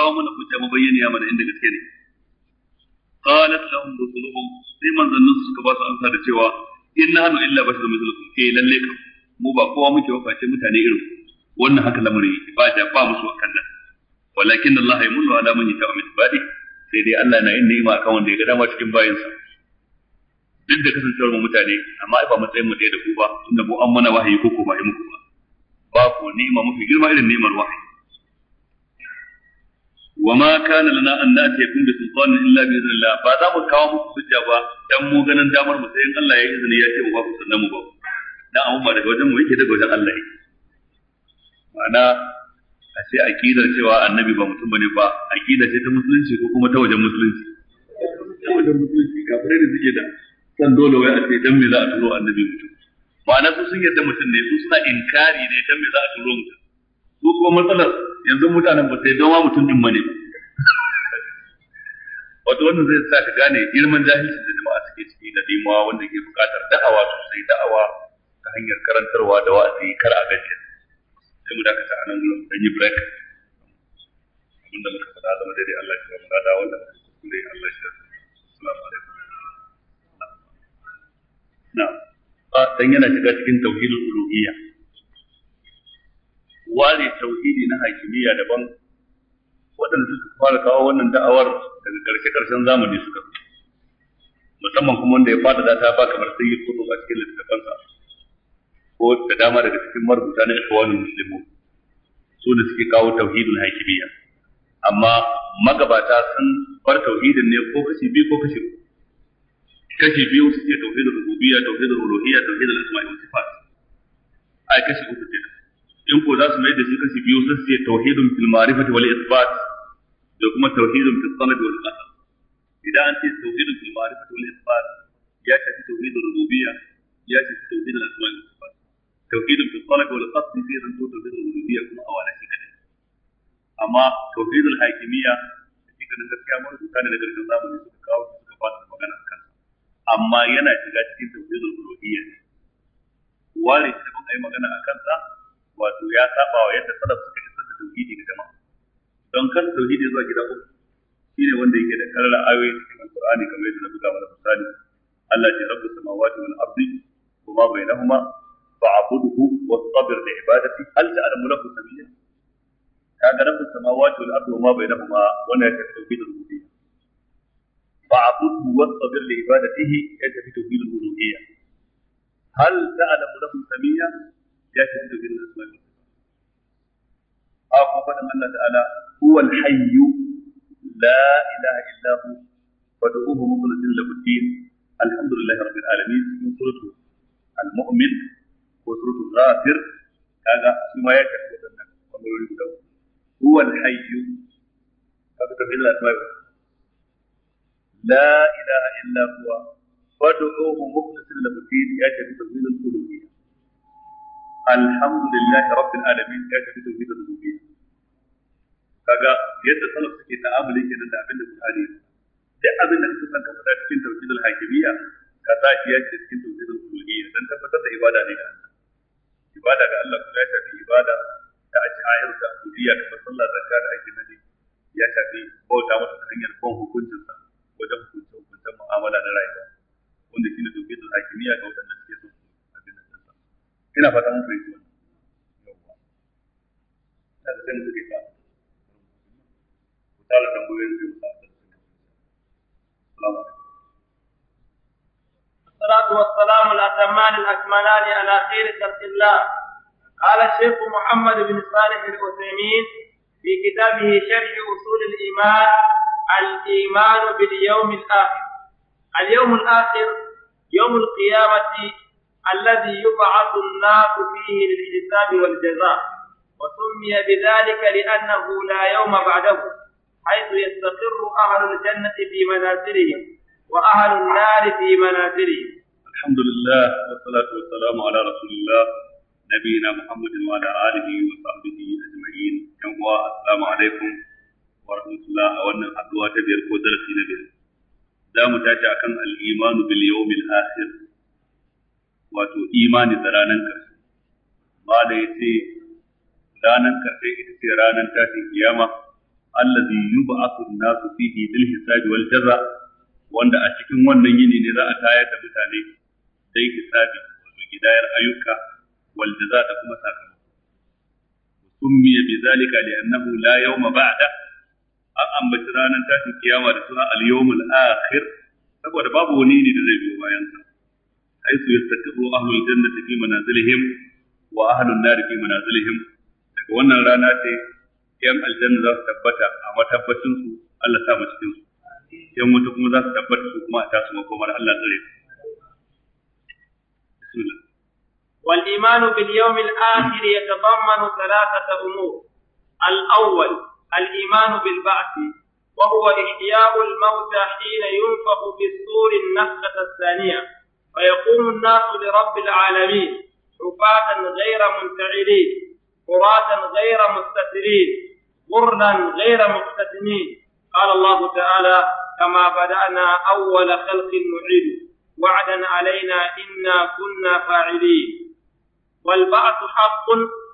kawo mana hujja mu bayyana ya mana inda gaske ne qalat lahum rusuluhum sai manzannin su suka ba su amsa da cewa in hanu illa basharun mithlukum eh lalle kam mu ba kowa muke ba face mutane irin wannan haka lamari ba da ba musu akan nan walakin Allah ya mulu ala man yata min ibadi sai dai Allah na yin ni'ima akan wanda ya ga dama cikin bayinsa duk da kasancewar mu mutane amma ai ba matsayin mu da ku ba tunda mu an mana wahayi ko ko ba yi muku ba ba ku ni'ima mafi girma irin ni'imar wahayi wa ma kana lana an kun bi sultanin illa bi idnillah ba za mu kawo muku sujja ba dan mu ganin damar mu sai in Allah ya izini ya ce mu ba ku sannan mu ba dan amma ba daga wajen mu yake da wajen Allah yake Mana a ce aqidar cewa annabi ba mutum bane ba aqida ce ta musulunci ko kuma ta wajen musulunci ta wajen musulunci kafirai da suke da san dole wai a ce dan me za a turo annabi mutum ma'ana su sun yarda mutum ne su suna inkari ne dan me za a turo mutum su kuma matsalar yanzu mutanen ba sai dama mutum din bane wato wannan zai sa ka gane girman jahilcin da jama'a suke ciki da dimuwa wanda ke buƙatar da'awa sosai da'awa ta hanyar karantarwa da wa'azi kar a gajiya sai mu dakata a nan gurin dan yi break abinda muka faɗa zama daidai Allah ya mu da wannan dai Allah ya salamu alaikum na'am a ah, dan yana shiga cikin tauhidul uluhiyya ware tauhidi na hakimiyya daban waɗanda suka fara kawo wannan da'awar daga ƙarshe-ƙarshen zamani suka musamman kuma wanda ya fada da ta ba kamar sai ya fito a cikin littattafansa ko da dama daga cikin marubuta na ikhwanul muslimu su ne suke kawo tauhidin hakimiyya amma magabata sun bar tauhidin ne ko kashi biyu ko kashi uku kashi biyu suke tauhidin rububiyya tauhidin uluhiyya tauhidin asma'i wa sifat ai kashi uku kenan in ko za su mai da shi kashi biyu sai su tauhidun fil ma'rifati wal isbat da kuma tauhidun fil sanad wal qasam idan an ce tauhidun fil ma'rifati wal isbat ya shafi tauhidul rububiyya ya shafi tauhidul asma wal sifat tauhidun fil sanad wal qasam sai zan to tauhidul rububiyya kuma a wala shi kadai amma tauhidul hakimiyya shi kan gaskiya mun rubuta ne daga cikin zamani suka kawo suka fara magana akan amma yana shiga cikin tauhidul uluhiyya ware shi da mun yi magana akan sa wato ya saba wa yadda salaf suka isar da tauhidi ga jama'a don kar tauhidi zuwa gida uku ne wanda yake da karar ayoyi cikin alqur'ani kamar yadda na buga mana misali Allah ya rabu samawati wal ardi wa ma bainahuma fa'budhu wastabir li ibadati hal ta'lamu lahu samiyya kaga rabu samawati wal ardi wa ma bainahuma wannan ya tafi tauhidul rububiyya fa'budhu wastabir li ibadatihi ya tafi tauhidul uluhiyya hal ta'lamu lahu samiyya يعتقد في الاسماء الحسنى. اقوى من تعالى هو الحي لا اله الا هو فادعوه مخلصا له الدين الحمد لله رب العالمين من صورته المؤمن وصورته الغافر هذا بما هو الحي لا اله الا هو وادعوه مخلصا له الدين يعتقد في الاسماء alhamdulillahi rabbil alamin ya tafi tauhid da rububiyya kaga yadda salaf suke ta'amuli kenan da abin da Bukhari duk abin da kake son ka faɗa cikin tauhid al-hakimiyya ka sa shi ya ce cikin tauhid al-uluhiyya dan tabbatar da ibada ne ga Allah ibada ga Allah kuma ya shafi ibada kamar sallah zakka da aikin haji ya shafi bauta masa ta hanyar kon hukuncinsa wajen hukunce hukuncen mu'amala na rayuwa wanda shine tauhid al-hakimiyya ga wadanda ina fata mun fahimci wannan da sai ku tala tambayoyin da salamu الصلاة والسلام الأتمان الأكملان على خير خلق الله قال الشيخ محمد بن صالح العثيمين في كتابه شرح أصول الإيمان الإيمان باليوم الآخر اليوم الآخر يوم القيامة الذي يبعث الناس فيه للحساب والجزاء وسمي بذلك لأنه لا يوم بعده حيث يستقر أهل الجنة في منازلهم وأهل النار في منازلهم الحمد لله والصلاة والسلام على رسول الله نبينا محمد وعلى آله وصحبه أجمعين السلام عليكم ورحمة الله وأن حدوات بيركو درسي نبيل دام تاتي أكن الإيمان باليوم الآخر wato imani da ranar ƙarshe mala ya ce ranar ƙarshe ita ce ranar tashin kiyama allazi yub'athu an-nasu fihi bil hisabi wal jaza wanda a cikin wannan yini ne za a tayar da mutane dai hisabi wato gidayar ayyuka wal jaza da kuma sakamako a بذلك لأنه لا يوم بعده an ambaci ranar tashin kiyama da suna al-yawmul akhir saboda babu wani ne da zai biyo bayan sa حيث يستقر أهل الجنة في منازلهم وأهل النار في منازلهم لكوانا رانات يم الجنة تبتا أما تبتن ألا سامتن يم متقم ذا تبتا ما تاسم وكمر ألا غريب بسم الله والإيمان باليوم الآخر يتضمن ثلاثة أمور الأول الإيمان بالبعث وهو إحياء الموتى حين ينفخ في الصور النفخة الثانية فيقوم الناس لرب العالمين رفاة غير منفعلين قراة غير مستترين قرنا غير مقتتمين قال الله تعالى كما بدأنا أول خلق نعيد وعدا علينا إنا كنا فاعلين والبعث حق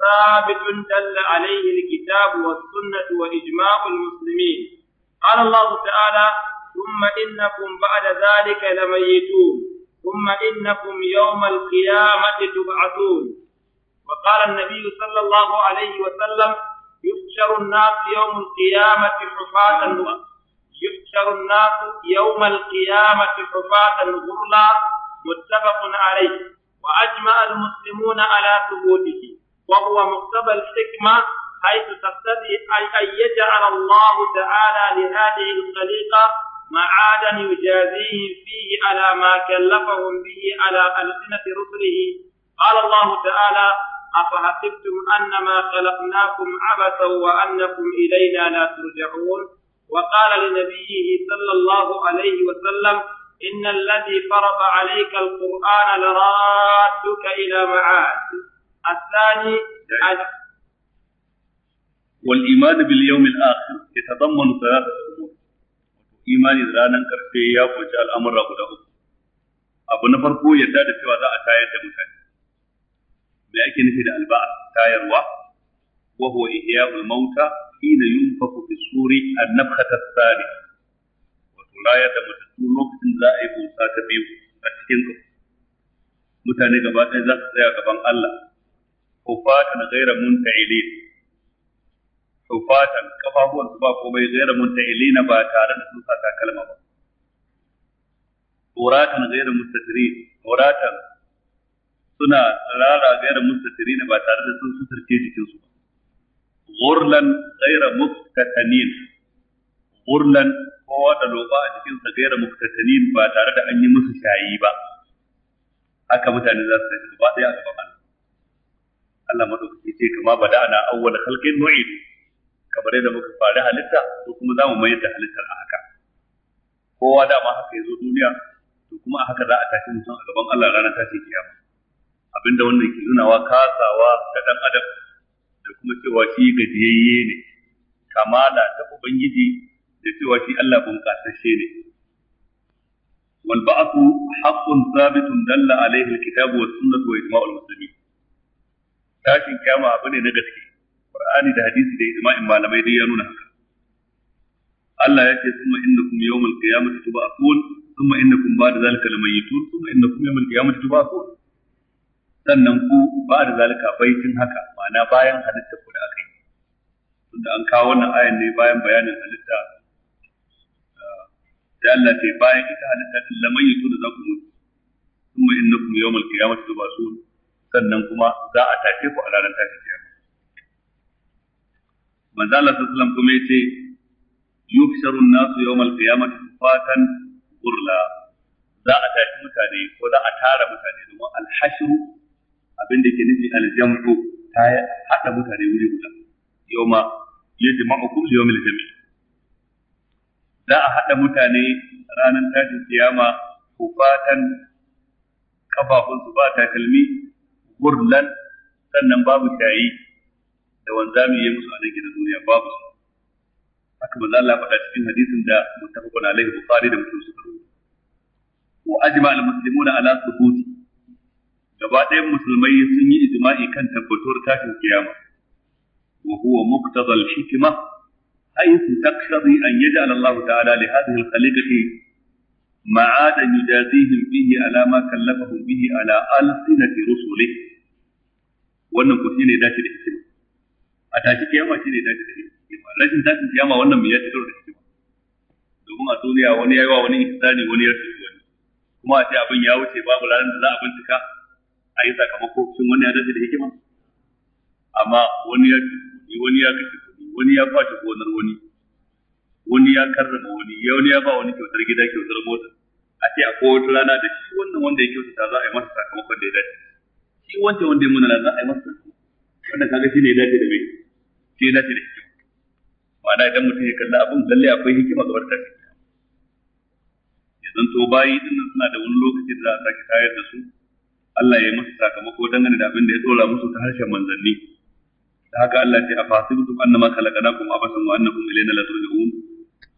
ثابت دل عليه الكتاب والسنة وإجماع المسلمين قال الله تعالى ثم إنكم بعد ذلك لميتون ثم إنكم يوم القيامة تبعثون وقال النبي صلى الله عليه وسلم يحشر الناس يوم القيامة حفاة يحشر الناس يوم القيامة حفاة غرلا متفق عليه وأجمع المسلمون على ثبوته وهو مقتضى الحكمة حيث تقتضي أن يجعل الله تعالى لهذه الخليقة معادا يجازيهم فيه على ما كلفهم به على ألسنة رسله قال الله تعالى أفحسبتم أنما خلقناكم عبثا وأنكم إلينا لا ترجعون وقال لنبيه صلى الله عليه وسلم إن الذي فرض عليك القرآن لرادك إلى معاد الثاني والإيمان باليوم الآخر يتضمن ثلاثة imani da ranar karshe ya kunshi al'amura guda uku abu na farko yadda da cewa za a tayar da mutane me ake nufi da alba'a tayarwa wa huwa ihya'ul mauta hina yunfaku fi suri an-nafkhata ath wato rayar da mutattu lokacin da za a yi busa ta biyu a cikin mutane gaba ɗaya za su tsaya gaban Allah ko fatan gaira muntailin tufatan kafafuwan su ba komai gaira muntailina ba tare da sun saka kalma ba uratan gaira mustatiri uratan suna rara gaira mustatirina ba tare da sun sutarce jikinsu ba gurlan gaira مكتتنين gurlan kowa da loba a jikinsa gaira muktatani ba tare da an yi musu shayi ba haka mutane za su tashi gaba ɗaya a gaban Allah Allah madaukaki ce kama ana awwal khalqin nu'idu kamar yadda muka fara halitta to kuma za mu mayar da halittar a haka kowa dama haka ya zo duniya to kuma a haka za a tashi mutum a gaban Allah ranar tashin kiyama abinda wannan ke wa kasawa ta dan adam da kuma cewa shi gajiyayye ne kamala ta ubangiji da cewa shi Allah bunƙasashe ne wal ba'thu haqqun thabitun dalla alaihi alkitab was sunnah wa ijma'ul muslimin tashin kiyama abu ne na gaske Qur'ani da hadisi da ijma'in malamai dai ya nuna haka Allah ya ce summa innakum yawmal qiyamati tub'atun summa innakum ba'da zalika lamayitun summa innakum yawmal sannan ku ba da zalika baitin haka ma'ana bayan halitta ku da aka yi tunda an kawo wannan ayan ne bayan bayanin halitta ah, da Allah ce bayan ita halitta din lamayitun da za ku mutu summa innakum yawmal qiyamati tub'atun sannan kuma za a tace ku a ranar tashin manzo Allah sallallahu kuma yace yuksharu an-nasu yawmal qiyamati fatan burla za a tashi mutane ko za a tara mutane domin al-hashru abin da ke nufi al-jam'u ta hada mutane wuri guda yawma yajma'ukum li yawmil jam'i za a hada mutane ranar tashin kiyama kufatan kafafunsu ba takalmi burlan sannan babu shayi da wanzami ya musu a nan gidan duniya babu su haka manzo Allah faɗa cikin hadisin da muttafaqun alaihi bukhari da muslim suka rubuta wa ajma al muslimuna ala thubuti gaba ɗayan musulmai sun yi ijma'i kan tabbatuwar tashin kiyama wa huwa muqtada al hikma haythu taqtadi an yaj'al Allah ta'ala li hadhihi al khaliqati معادا يجازيهم به على ما كلفهم به على ألسنة رسله وأنه كثير da الإحتمال a tashi kiyama shi ne tashi da hikima rashin tashin kiyama wannan mai ya ci da hikima domin a duniya wani ya yi wa wani ihsani wani ya rasu wani kuma a ce abin ya wuce babu ranar da za a bincika a yi sakamako shin wani ya dace da hikima amma wani ya wani ya kashe kuɗi wani ya kwace gonar wani wani ya karrama wani ya wani ya ba wani kyautar gida kyautar mota a ce a wata rana da shi wannan wanda ya kyautata za a yi masa sakamakon da ya dace shi wancan wanda ya muna za a yi masa wannan kaga shine ya dace da me shi ya dace da hikima ma'ana idan mutum ya kalla abin lalle akwai hikima ga barka ya to bayi din suna da wani lokaci da za a sake tayar da su Allah ya yi masa sakamako dangane da abin da ya dora musu ta harshen manzanni da haka Allah ce a fasibtum annama khalaqnakum abasan wa annakum ilayna la turja'un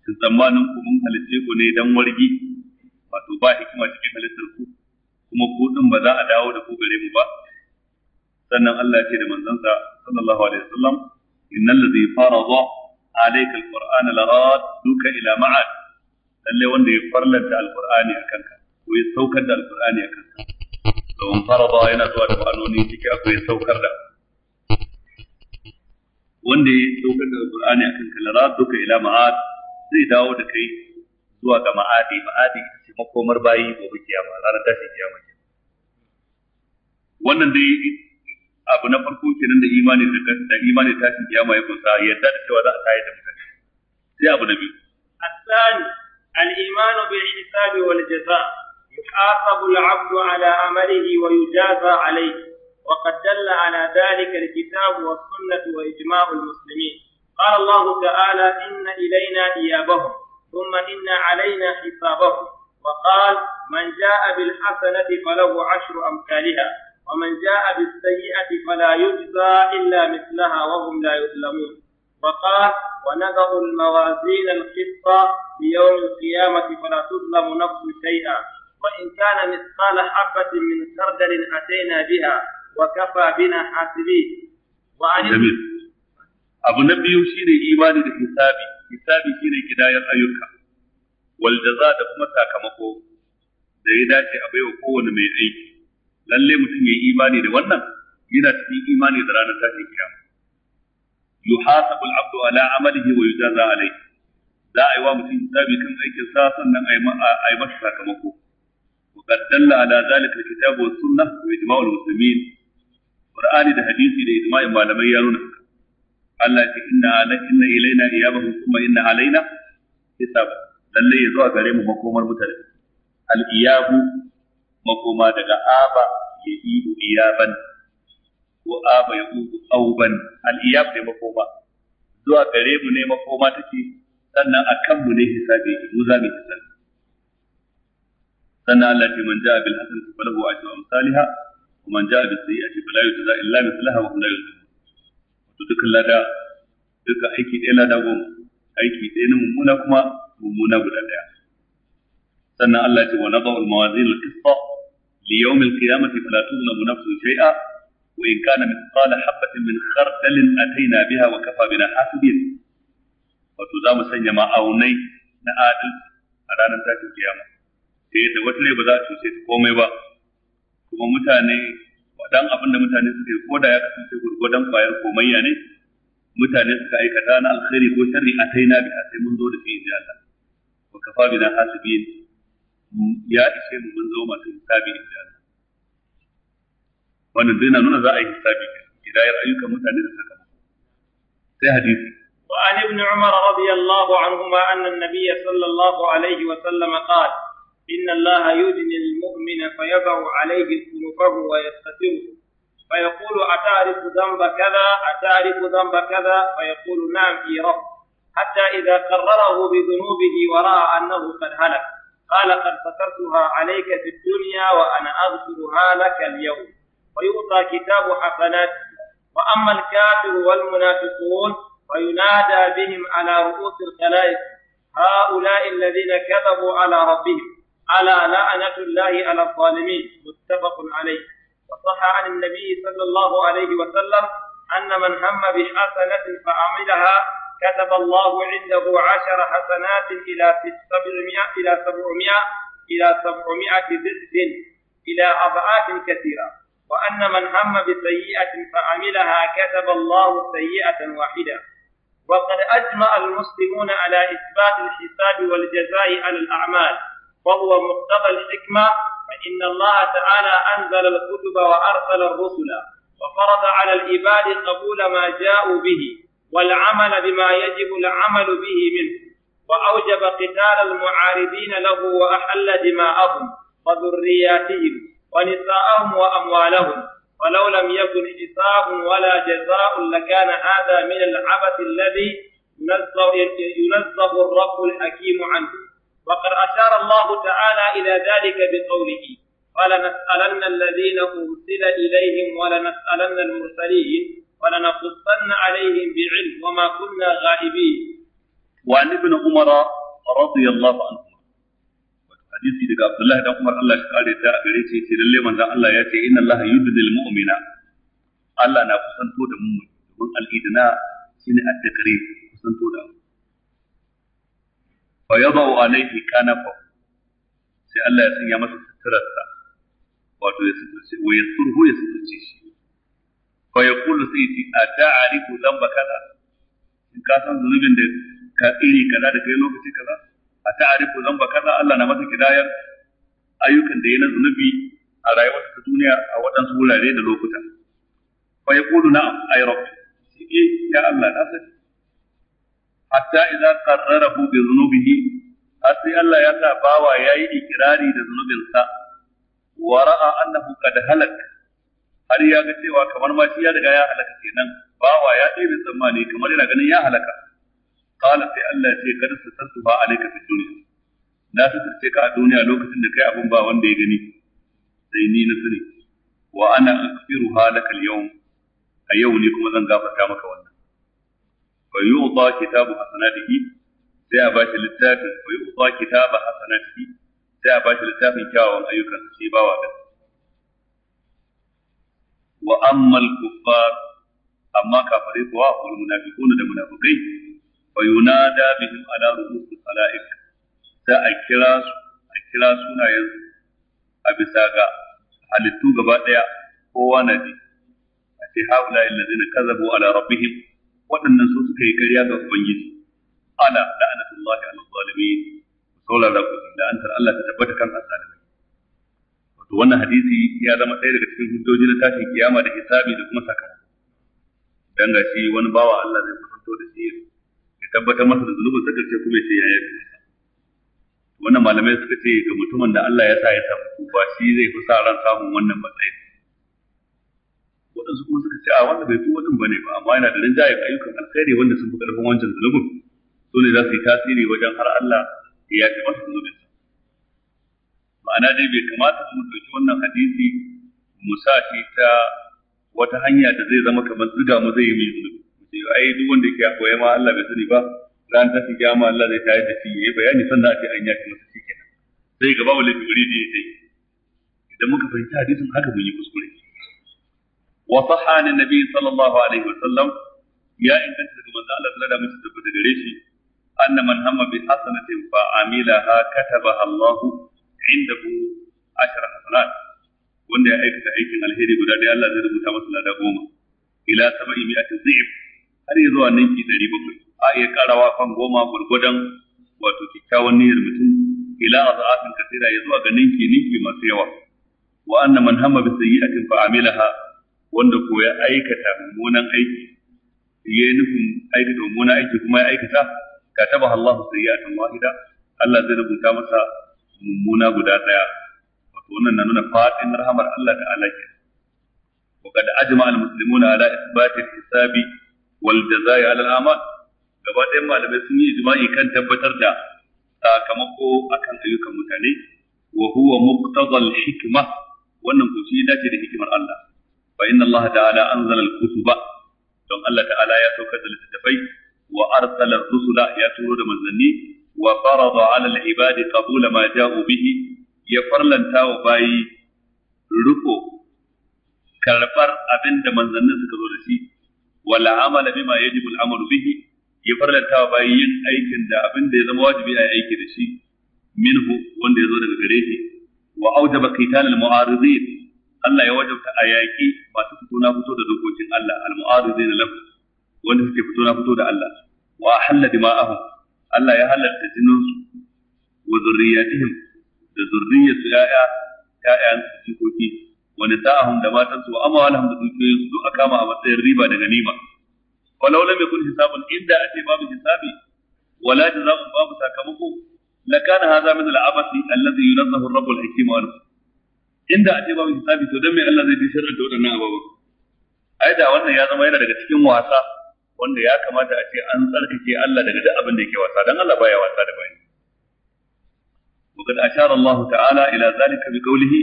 sun tsammanin ku mun halitte ku ne dan wargi wato ba hikima cikin halittar ku kuma ku din ba za a dawo da ku gare mu ba sannan Allah ce da manzansa sallallahu alaihi wasallam innal ladhi farada alayka alquran laraduka ila ma'ad lalle wanda ya farlanta alqur'ani akan ka ko ya saukar da alqur'ani akan ka don farada yana zuwa da ma'anoni ciki akwai saukar da wanda ya saukar da alqur'ani akan ka laraduka ila ma'ad zai dawo da kai zuwa ga ma'adi ma'adi ita ce makomar bayi gobe kiyama ranar tashin kiyama wannan dai abu na farko kenan da imani da imani ta shi kiyama ya kusa yadda da cewa a tayar da mutane sai abu na biyu asali al-imanu bil hisab wal jaza yuqasabu al-abdu ala amalihi wa yujaza alayhi wa qad dalla ala dhalika wa sunnah wa ijma' al-muslimin قال الله تعالى إن إلينا إيابهم ثم إن علينا حسابهم وقال من جاء بالحسنة فله عشر ومن جاء بالسيئة فلا يجزى إلا مثلها وهم لا يظلمون وقال ونضع الموازين القسط بيوم القيامة فلا تظلم نفس شيئا وإن كان مثقال حبة من خردل أتينا بها وكفى بنا حاسبين وعن جميل أبو نبي شيري إيمان الحسابي حسابي شيري كداية أيوكا والجزاء دفمتا كمقو da ya أبي وقوة baiwa lalle mutum ya yi imani da wannan yana cikin imani da ranar tashin kiyama yuhasabu al-abdu ala amalihi wa yujaza alayhi za a yi wa mutum hisabi kan aikin sa sannan a yi masa sakamako wa qad dalla ala zalika al-kitabu was sunnah wa ijma'u al-muslimin qur'ani da hadisi da ijma'in malamai ya nuna haka Allah ya ce inna inna ilaina iyabahum kuma inna alaina hisab lalle ya zuwa gare mu makomar mutane al-iyabu makoma daga aba ya ibu iyaban ko aba ya ibu auban al-iyab ne makoma zuwa gare mu ne makoma take sannan a kan mu ne hisabi mu za mu hisabi sannan Allah ce manja ja'a bil hasanati falahu ashru amsalha wa man ja'a bis sayyi'ati fala yujza illa mithlaha wa la to dukkan lada duk aiki ɗaya lada goma aiki ɗaya na mummuna kuma mummuna guda ɗaya sannan Allah ce wa nadau al-mawazin al-qisṭa li yawm al-qiyamati fala tuzlamu nafsun shay'a wa in kana mithqala habatin min khardalin ataina biha wa kafa bina hasibin wato za mu sanya ma'aunai na adalci a ranar tashin kiyama sai da wata ne ba za a cuce ta komai ba kuma mutane wadan abin da mutane suke da ya kasance gurgudan kwayar komayya ne mutane suka aikata na alkhairi ko sharri a taina biha sai mun zo da shi inji Allah wa kafa bina hasibin ya ishe mu mun zama masu hisabi da Allah wannan dai na nuna za a yi hisabi hidayar ayyukan mutane da sakamako sai hadisi وعن ابن عمر رضي الله عنهما أن النبي صلى الله عليه وسلم قال إن الله يدني المؤمن فيضع عليه ذنوبه ويستتره فيقول أتعرف ذنب كذا أتعرف ذنب كذا فيقول نعم إي رب حتى إذا قرره بذنوبه ورأى أنه قد هلك قال قد فترتها عليك في الدنيا وأنا أغفرها لك اليوم ويعطى كتاب حفلات وأما الكافر والمنافقون وينادى بهم على رؤوس الخلائق هؤلاء الذين كذبوا على ربهم ألا لعنة الله على الظالمين متفق عليه وصح عن النبي صلى الله عليه وسلم أن من هم بحسنة فعملها كتب الله عنده عشر حسنات إلى سبعمائة إلى سبعمائة إلى سبعمائة ضعف إلى أضعاف كثيرة وأن من هم بسيئة فعملها كتب الله سيئة واحدة وقد أجمع المسلمون على إثبات الحساب والجزاء على الأعمال وهو مقتضى الحكمة فإن الله تعالى أنزل الكتب وأرسل الرسل وفرض على العباد قبول ما جاءوا به والعمل بما يجب العمل به منه وأوجب قتال المعارضين له وأحل دماءهم وذرياتهم ونساءهم وأموالهم ولو لم يكن حساب ولا جزاء لكان هذا من العبث الذي ينزه الرب الحكيم عنه وقد أشار الله تعالى إلى ذلك بقوله فلنسألن الذين أرسل إليهم ولنسألن المرسلين ولنقصن عليهم بعلم وما كنا غائبين وعن ابن عمر رضي الله عنه hadisi daga Abdullahi dan Allah ya kare ta a gare shi ce lalle manzon Allah ya ce inna Allah yudnil Allah na kusanto da mu domin al-idna shine at-taqrib kusanto da mu fa yadau alayhi sai Allah ya sanya masa suturarsa wato ya fa sai ce a ta'arifu zamba kaza in ka san zunubin da ka iri kaza da kai lokaci kaza a ta'arifu zamba kaza Allah na masa kidayar ayyukan da na zunubi a rayuwarsa ta duniya a waɗansu wurare da lokuta fa na na'am ay rabbi eh ya Allah na sani hatta idza qarrarahu bi dhunubihi har sai Allah ya sa bawa yayi ikirari da zunubinsa wa ra'a annahu kad halaka har ya ga cewa kamar ma shi ya riga ya halaka kenan bawa ya ɗebe tsammani kamar yana ganin ya halaka qala sai Allah ce kada su tasu ba alaika fi duniya na tsirce ka a duniya lokacin da kai abin ba wanda ya gani sai ni na sani wa ana akfiruha laka al a yau ne kuma zan gafarta maka wannan fa yu'ta kitabu hasanatihi sai a bashi littafin fa yu'ta kitabu hasanatihi sai a bashi littafin kyawawan ayyukan sai bawa din wa ammal kuffar amma kafare kuwa wal munafiquna da munafikai fa yunada bihim ala ru'usi al-khala'iq sai a kira su a kira sunayen a bisa ga halittu gaba daya kowa na ji a ce haula alladhina kazabu ala rabbihim waɗannan su suka yi ƙarya ga ubangiji ala la'anatullahi ala zalimin saurara ku da an Allah ta tabbata kan azzalimi to wannan hadisi ya zama ɗaya daga cikin hujjoji na tashin kiyama da hisabi da kuma sakamako dan ga shi wani bawa Allah zai kusanto da shi ya tabbatar masa da zunubin sa kace kuma ce ya yafi masa wannan malamai suka ce ga mutumin da Allah ya sa ya samu ba shi zai fi sa ran samun wannan matsayin waɗansu kuma suka ce a wanda bai tuwa din bane ba amma yana da rinjayen ayyukan alkhairi wanda sun fi ƙarfin wancan zunubin su ne za su yi tasiri wajen har Allah ya yafe masa zunubin ma'ana dai bai kamata mu ɗauki wannan hadisi mu sa shi ta wata hanya da zai zama kamar ziga mu zai yi mai zunubi ai duk wanda yake koya ma Allah bai sani ba ran ta kiyama Allah zai tayar da shi yayi bayani sannan a ce an yaki masa shi kenan sai gaba wala fi wuri da yake idan muka fahimci hadisin haka mun yi kuskure wa sahana nabi sallallahu alaihi wasallam ya inganta daga manzo Allah sallallahu alaihi wasallam tabbata gare shi anna man hamma bi hasanatin fa amilaha katabaha Allahu indahu ashara hasanat wanda ya aikata aikin alheri guda ɗaya Allah zai rubuta masa lada goma ila sab'i mi'ati dhi'f har ya zuwa ninki 700 a iya karawa kan goma gurgudan wato kikkiawan niyyar mutum ila azafin kasira ya zuwa ga ninki ninki masu yawa wa anna man hamma bi sayyi'atin fa amilaha wanda ko ya aikata mummunan aiki ya yi nufin aikata mummunan aiki kuma ya aikata katabaha Allahu sayyi'atan wahida Allah zai rubuta masa mummuna guda daya wato wannan na nuna fadin rahamar Allah ta'ala ke wa kad ajma al muslimuna ala ithbat hisabi wal jazaa'i ala al amal gaba ɗayan malamai sun yi ijma'i kan tabbatar da sakamako akan ayyukan mutane wa huwa muqtadal hikma wannan ko shi dace da hikimar Allah fa inna Allah ta'ala anzala al kutuba don Allah ta'ala ya saukar da littattafai wa arsala rusula ya turo da manzanni wa farada ala al-ibadi qabula ma ja'u bihi ya farlanta wa bayi ruko karbar abinda manzannin suka zo da shi wala amala bima yajibu al-amalu bihi ya farlanta wa yin aikin da abinda ya zama wajibi a aiki da shi minhu wanda ya zo daga gare shi wa aujaba qital al Allah ya wajabta a masu fito na fito da dokokin Allah al fito na fito da Allah wa Allah ya halarta jinin su wa zurriyatihim da zurriyar su ya'ya ya'yan su jikoki wa nisa'ahum da matan su wa amwalahum da dukiyoyin su a kama a matsayin riba da ganima walau lam yakun hisabun inda ake babu hisabi wala jazaa'u babu sakamako lakana hadha min al-abasi alladhi yunazzahu ar-rabbu al-hakim an inda ake babu hisabi to dan me Allah zai tsira da wadannan ababan ai da wannan ya zama yana daga cikin wasa wanda ya kamata a ce an tsarkake Allah daga duk abin da yake wasa dan Allah baya wasa da bayi وقد أشار الله تعالى إلى ذلك بقوله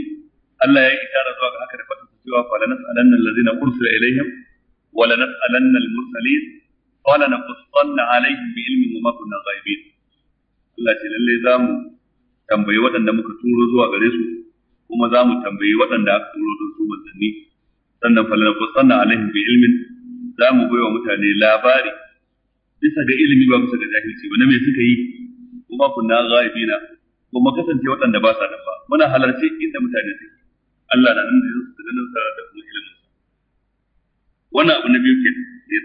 Allah ya yi ishara zuwa ga haka da fatan su cewa fa lanas'alanna allazina ursila ilaihim wa lanas'alanna al-mursalin wa lanaqussanna alaihim bi ilmin wa ma kunna ghaibin Allah ce lalle za mu tambayi waɗanda muka turo zuwa gare su kuma za mu tambayi waɗanda aka turo don su manzanni sannan fa lanaqussanna alaihim bi ilmin za mu baiwa mutane labari bisa ga ilimi ba bisa ga jahilci ba na me suka yi kuma kunna ghaibina kuma kasance waɗanda ba sa nan ba muna halarci inda mutane suke Allah na nan da yin su ganin sa da kuma ilimin sa wannan abu na biyu ke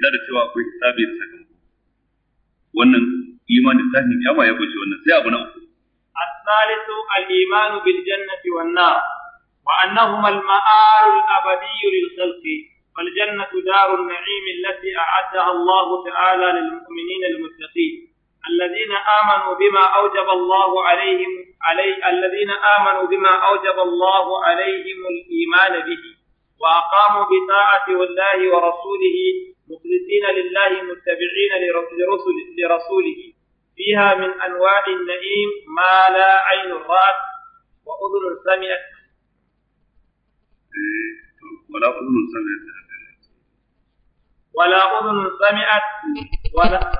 da da cewa akwai hisabi da sakamako wannan imanin tashin kiyama ya goce wannan sai abu na uku الثالث الإيمان بالجنة والنار وأنهما المآل الأبدي للخلق والجنة دار النعيم التي أعدها الله تعالى للمؤمنين المتقين الذين آمنوا بما أوجب الله عليهم علي الذين آمنوا بما أوجب الله عليهم الإيمان به وأقاموا بطاعة الله ورسوله مخلصين لله متبعين لرسل لرسوله فيها من أنواع النعيم ما لا عين رأت وأذن سمعت ولا أذن سمعت ولا أذن سمعت ولا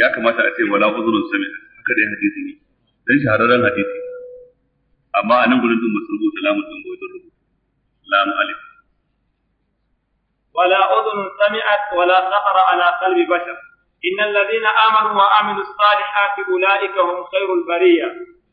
يا كما تأتي ولا أذن سمعت هكذا حديثي لن شهرر الحديثي أما أنا قلت مسروب سلام الدنبو يدرب سلام عليكم ولا أذن سمعت ولا خطر على قلب بشر إن الذين آمنوا وعملوا الصالحات أولئك هم خير البرية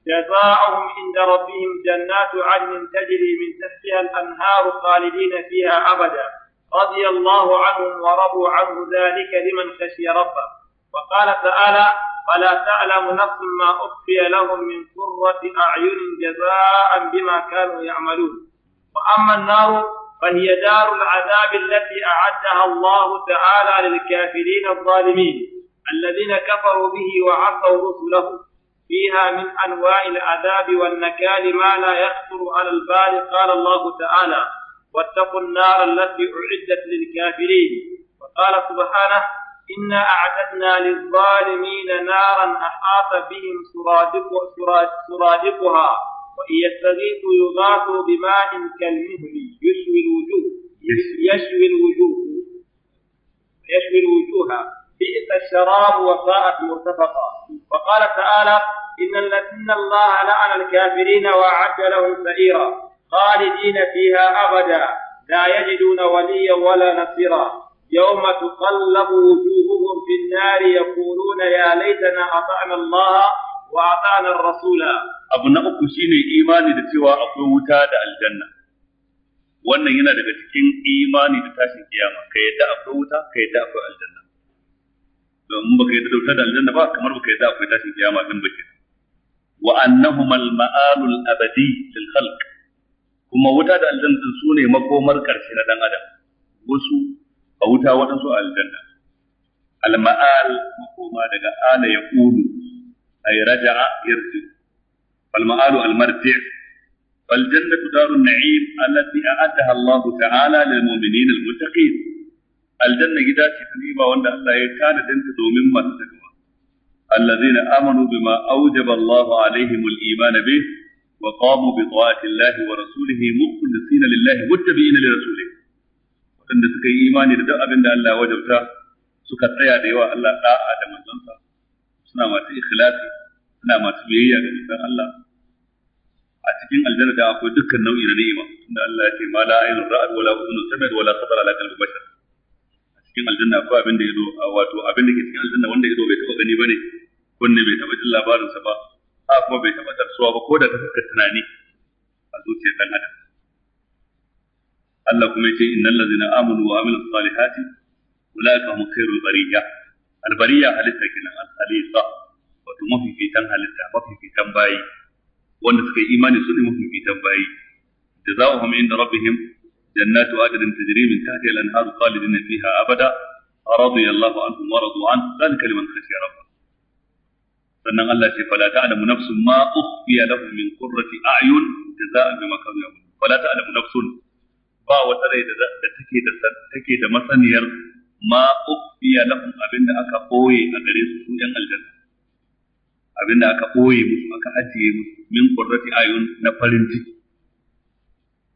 جزاؤهم عند ربهم جنات عدن تجري من تحتها الأنهار خالدين فيها أبداً رضي الله عنهم ورضوا عنه ذلك لمن خشي ربه وقال تعالى فلا تعلم نفس ما أخفي لهم من قرة أعين جزاء بما كانوا يعملون وأما النار فهي دار العذاب التي أعدها الله تعالى للكافرين الظالمين الذين كفروا به وعصوا رسله فيها من أنواع العذاب والنكال ما لا يخطر على البال قال الله تعالى واتقوا النار التي أعدت للكافرين وقال سبحانه إنا أعددنا للظالمين نارا أحاط بهم سرادق سرادقها وإن يستغيثوا يغاثوا بماء كالمهل يشوي الوجوه يشوي الوجوه يشوي الوجوه بئس الشراب وساءت مرتفقا وقال تعالى إن الذين الله لعن الكافرين وأعد لهم سعيرا خالدين فيها أبدا لا يجدون وليا ولا نصيرا يوم تقلب وجوههم في النار يقولون يا ليتنا أطعنا الله وأطعنا الرسول abu na uku shine imani da cewa akwai wuta da aljanna wannan yana daga cikin imani da tashin kiyama ka yadda akwai wuta ka yadda akwai aljanna domin baka yadda da wuta da aljanna ba kamar akwai tashin din wa ma'alul abadi lil khalq kuma wuta da aljanna su ne makomar ƙarshe na ɗan adam wasu a wuta waɗansu a aljanna al-ma'al makoma daga ala yaqulu a yi yarji fal ma'alu al-marji' fal jannatu darun na'im allati a'adaha Allah ta'ala lil mu'minin al-muttaqin aljanna gida ce ta ni'ima wanda Allah ya kana danta domin masu takawa allazina amanu bima awjaba Allah alaihim al-iman bihi وقاموا بطاعة الله ورسوله مخلصين لله متبعين لرسوله waɗanda suka yi imani da duk abin da Allah wajabta suka tsaya da yawa Allah da'a da manzansa suna masu ikhlasi suna masu biyayya ga manzon Allah a cikin aljanna da akwai dukkan nau'i na ni'ima tunda Allah ya ce ma la aynu ra'at wala udhun sami'at wala khatar ala qalbi bashar a cikin aljanna akwai abin da ido wato abin da ke cikin aljanna wanda ido bai taba gani bane kunne bai taba jin labarin sa ba a kuma bai taɓa tarsuwa ba ko da ta fuskar tunani a zuciyar dan adam Allah kuma yace innal ladzina amanu wa amilus salihati ulaika hum khairul bariya al bariya halitta kenan al khalifa wato mafifitan halitta mafifitan bayi wanda suka yi imani su ne mafifitan bayi jazaohum inda rabbihim jannatu adnin tajri min tahtiha al anharu khalidina fiha abada رضي الله عنهم ورضوا عنه ذلك لمن خشي ربه sannan Allah ce fala ta'lamu nafsun ma ukhfiya lahum min qurrati a'yun jazaa'an bima kanu ya'malun fala ta'lamu nafsun ba wata rai da take da take da masaniyar ma ukhfiya lahum abinda aka boye a gare su su yan aljanna abinda aka boye musu aka ajiye musu min qurrati a'yun na farin ciki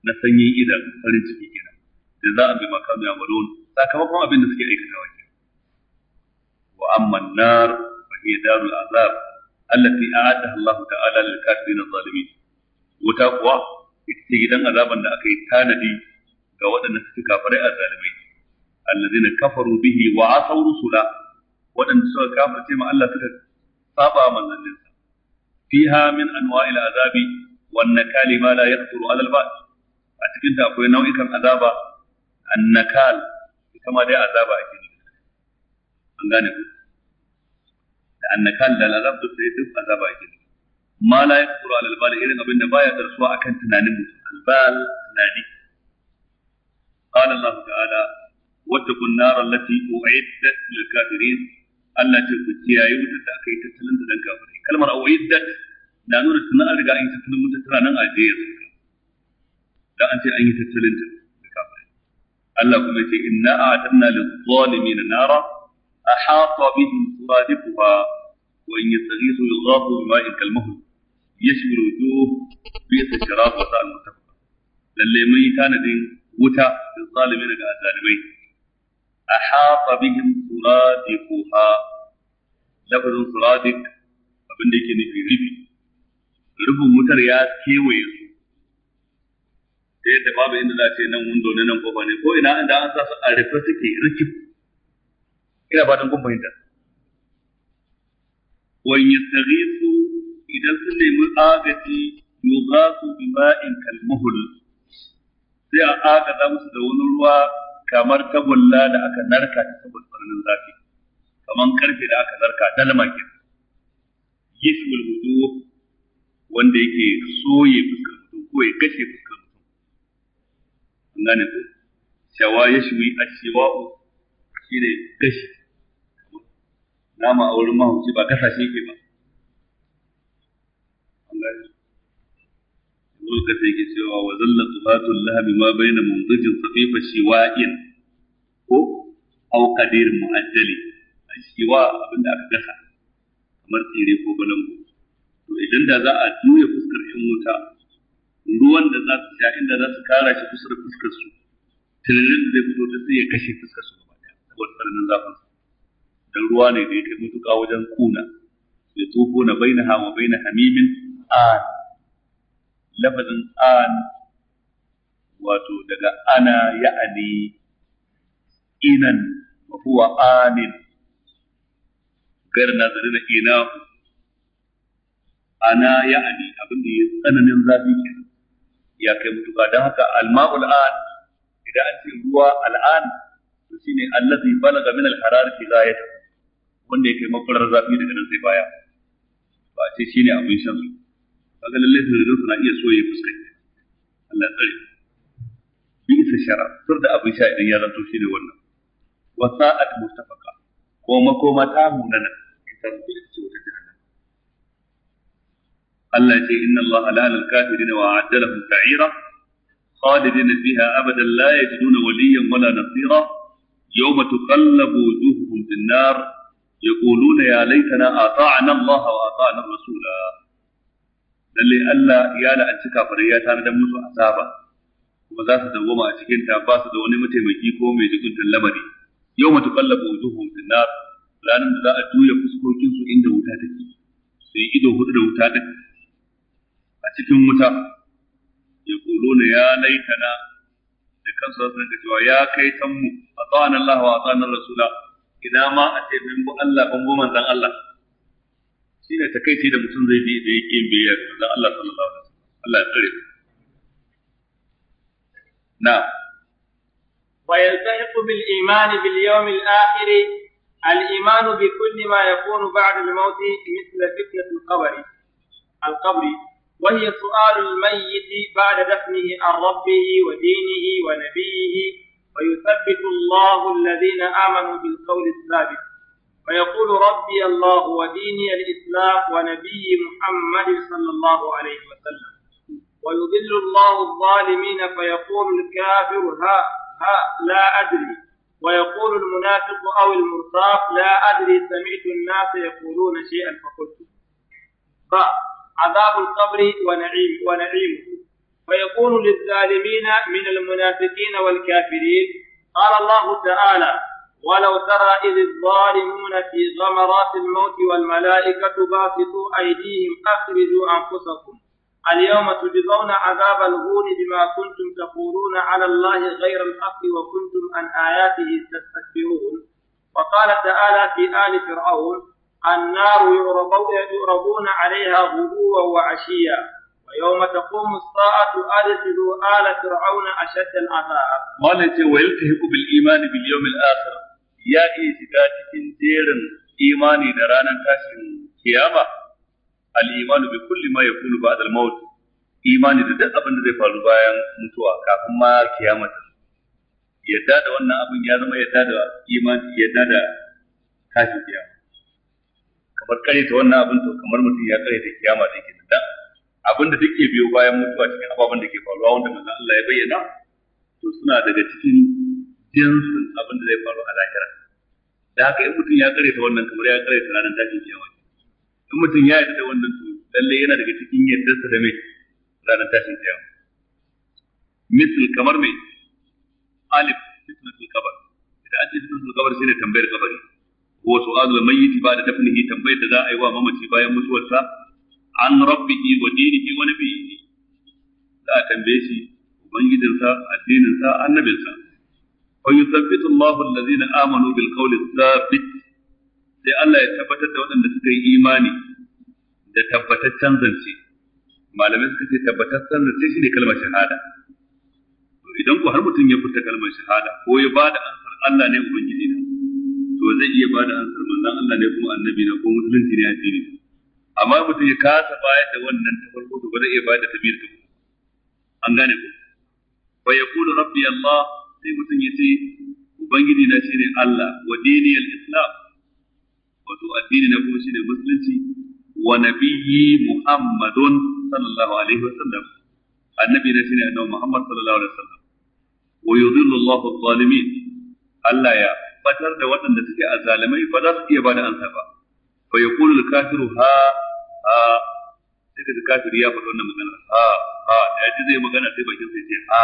na sanyi idan farin ciki kenan jazaa'an bima kanu ya'malun sakamakon abinda suke aikatawa kenan wa amma nar هي دار العذاب التي أعدها الله تعالى للكافرين الظالمين وتقوى اتجدن عذابا لأكي تاندي كوأن تكافر الظالمين الذين كفروا به وعصوا رسله وأن سوى كافر كما الله سابا من الناس فيها من أنواع العذاب والنكال ما لا يخطر على البال أتكنت أقول نوعك العذاب النكال كما دي عذاب أكيد أنغاني da annaka da azab da sai duk azaba yake ma la yaqdiru ala al-bal irin abin da baya darsuwa akan tunanin mutum al-bal tunani qala Allah ta'ala wattaqun nar allati u'iddat lil Allah ce ku kiyaye wutar da aka yi tattalin da dan kafirai kalmar u'iddat na nuna tana an riga an yi nan da an ce yi tattalin ta Allah ya ce nara أحاط بهم سرادقها وإن يستغيثوا يغاثوا بماء a يشوي الوجوه بئس الشراب وساء المرتفقة للي من tanadin wuta للظالمين ga الظالمين أحاط بهم سرادقها لفظ سرادق abin da yake nufi rufi rufin wutar ya kewaye su ta yadda babu inda za a ce nan wando ne nan kofa ne ko ina inda an sa su a rufe suke rikif ina ba don gumbayin ta wa yastaghisu idan sun nemi agaji yughasu ma'in kalmuhul sai a agaza musu da wani ruwa kamar tagulla da aka narka ta saboda tsananin zafi kamar karfe da aka narka dalma ke yishul wudu wanda yake soye fuskar mutum ko ya kashe fuskar mutum an gane ko shawa yashwi shi ne gashi nama a wurin mahauci ba kasashe ke ba Zulka ta yake cewa wa zalla tufatun lahabi ma baina munzijin safifa shiwa'in ko au qadir mu'ajjali shiwa abinda aka gasa kamar tsire ko balangu to idan da za a juya fuskar yin wuta ruwan da za su sha inda za su kara shi kusa fuskar su tunanin da zai fito ta sai ya kashe fuskar su gaba daya saboda tsananin zafin su dan ruwa ne da ya kai mutuka wajen kuna ya tofo na bainaha wa baina hamimin an lafazin an wato daga ana ya'ani inan wa huwa anin gar nazarin ina ana ya'ani abinda da ya tsananin zafi kenan ya kai mutuka don haka alma'ul an idan an ce ruwa al'an to shine allazi balaga min al-hararati ghayatuhu wanda ya kai mafarar zafi daga nan sai baya ba ce shi ne abin shan su kaga lallai sanadinsu na iya soye fuskar Allah tsare bi isa shara tur da abin sha idan ya zanto shi ne wannan wa sa'at mustafaka ko makoma ta munana ita ce ce wata jahannama Allah ya ce inna Allah la'ana al-kafirin wa a'adda lahum sa'ira خالدين فيها أبدا لا يجدون وليا ولا نصيرا يوم تقلب وجوههم في النار yaquluna ya laitana ata'na Allah wa ata'na rasula lalle Allah ya la'anci kafirai ya tana da musu azaba kuma za su dawo dawwama a cikin ta ba su da wani mataimaki ko mai jikuntan lamari yau mutu kallaba wujuhum fil nar ranar da za a juya fuskokin inda wuta take su yi ido hudu da wuta take a cikin wuta yaquluna ya laitana da kansu za su rinka cewa ya kai tanmu ata'na Allah wa ata'na rasula ina ma a ce mun bu Allah ban bu manzon Allah shine takeici da mutum zai bi da yake biyayya ga manzon Allah sallallahu alaihi wasallam Allah ya tsare na ويلتحق بالإيمان باليوم الآخر الإيمان بكل ما يكون بعد الموت مثل فتنة القبر القبر وهي سؤال الميت بعد دفنه عن ربه ودينه ونبيه ويثبت الله الذين آمنوا بالقول الثابت ويقول ربي الله وديني الإسلام ونبي محمد صلى الله عليه وسلم ويضل الله الظالمين فيقول الكافر ها ها لا أدري ويقول المنافق أو المرتاق لا أدري سمعت الناس يقولون شيئا فقلت فعذاب القبر ونعيم ونعيمه فيكون للظالمين من المنافقين والكافرين قال الله تعالى ولو ترى إذ الظالمون في غمرات الموت والملائكة باسطوا أيديهم أخرجوا أنفسكم اليوم تجزون عذاب الغول بما كنتم تقولون على الله غير الحق وكنتم عن آياته تستكبرون وقال تعالى في آل فرعون النار يعرضون عليها غدوا وعشيا يوم تقوم الساعة أدخلوا آل فرعون أشد العذاب ما نتي ويلتهك بالإيمان باليوم الآخر يا إيجادات دير إيماني درانا تاشن قيامة الإيمان بكل ما يكون بعد الموت إيماني da أبن abin da متوى faru bayan mutuwa kafin ma kiyama ta yadda da wannan abin ya zama yadda kamar kare ta wannan abin to kamar mutum ya kare ta kiyama da ke da abin da take biyo bayan mutuwa cikin ababen da ke faruwa wanda manzon Allah ya bayyana to suna daga cikin jinsin abin da zai faru a lahira da haka in mutum ya kare ta wannan kamar ya kare ta ranar tashin kiyama in mutum ya yarda da wannan to lalle yana daga cikin sa da mai ranar tashin kiyama misal kamar mai alif fitnatul kabar idan an ce fitnatul kabar shine tambayar kabari ko su'alul mayyit ba da tafnihi tambayar da za a yi wa mamaci bayan mutuwarsa an rabbihi wa dinihi wa nabiyhi za a tambaye shi ubangijinsa addininsa annabinsa fa yuthabbitu Allahu alladhina amanu bil qawli thabit sai Allah ya tabbatar da waɗanda suka yi imani da tabbataccen zance malamai suka ce tabbataccen zance shi ne kalmar shahada to idan ko har mutum ya furta kalmar shahada ko ya bada ansar Allah ne ubangiji na to zai iya bada ansar manzon Allah ne kuma annabi na ko musulunci ne addini amma mutum ya kasa bayar da wannan ta farko to ba zai iya bayar da ta biyu ta uku an gane ku. fa yaqulu rabbi allah sai mutum ya ce ubangiji na shine allah wa dini al-islam wato addini na kuma shine musulunci wa nabiyyi muhammadun sallallahu alaihi wa sallam annabi na shine annabi muhammad sallallahu alaihi wa sallam wa yudhillu allah adh-dhalimin allah ya batar da waɗanda suke azzalimai ba za su iya bada ansa ba fa yaqulu al-kafiru ha a sai ka ji kafiri ya faɗi wannan magana a a da ya ji zai magana sai bakin sai ce a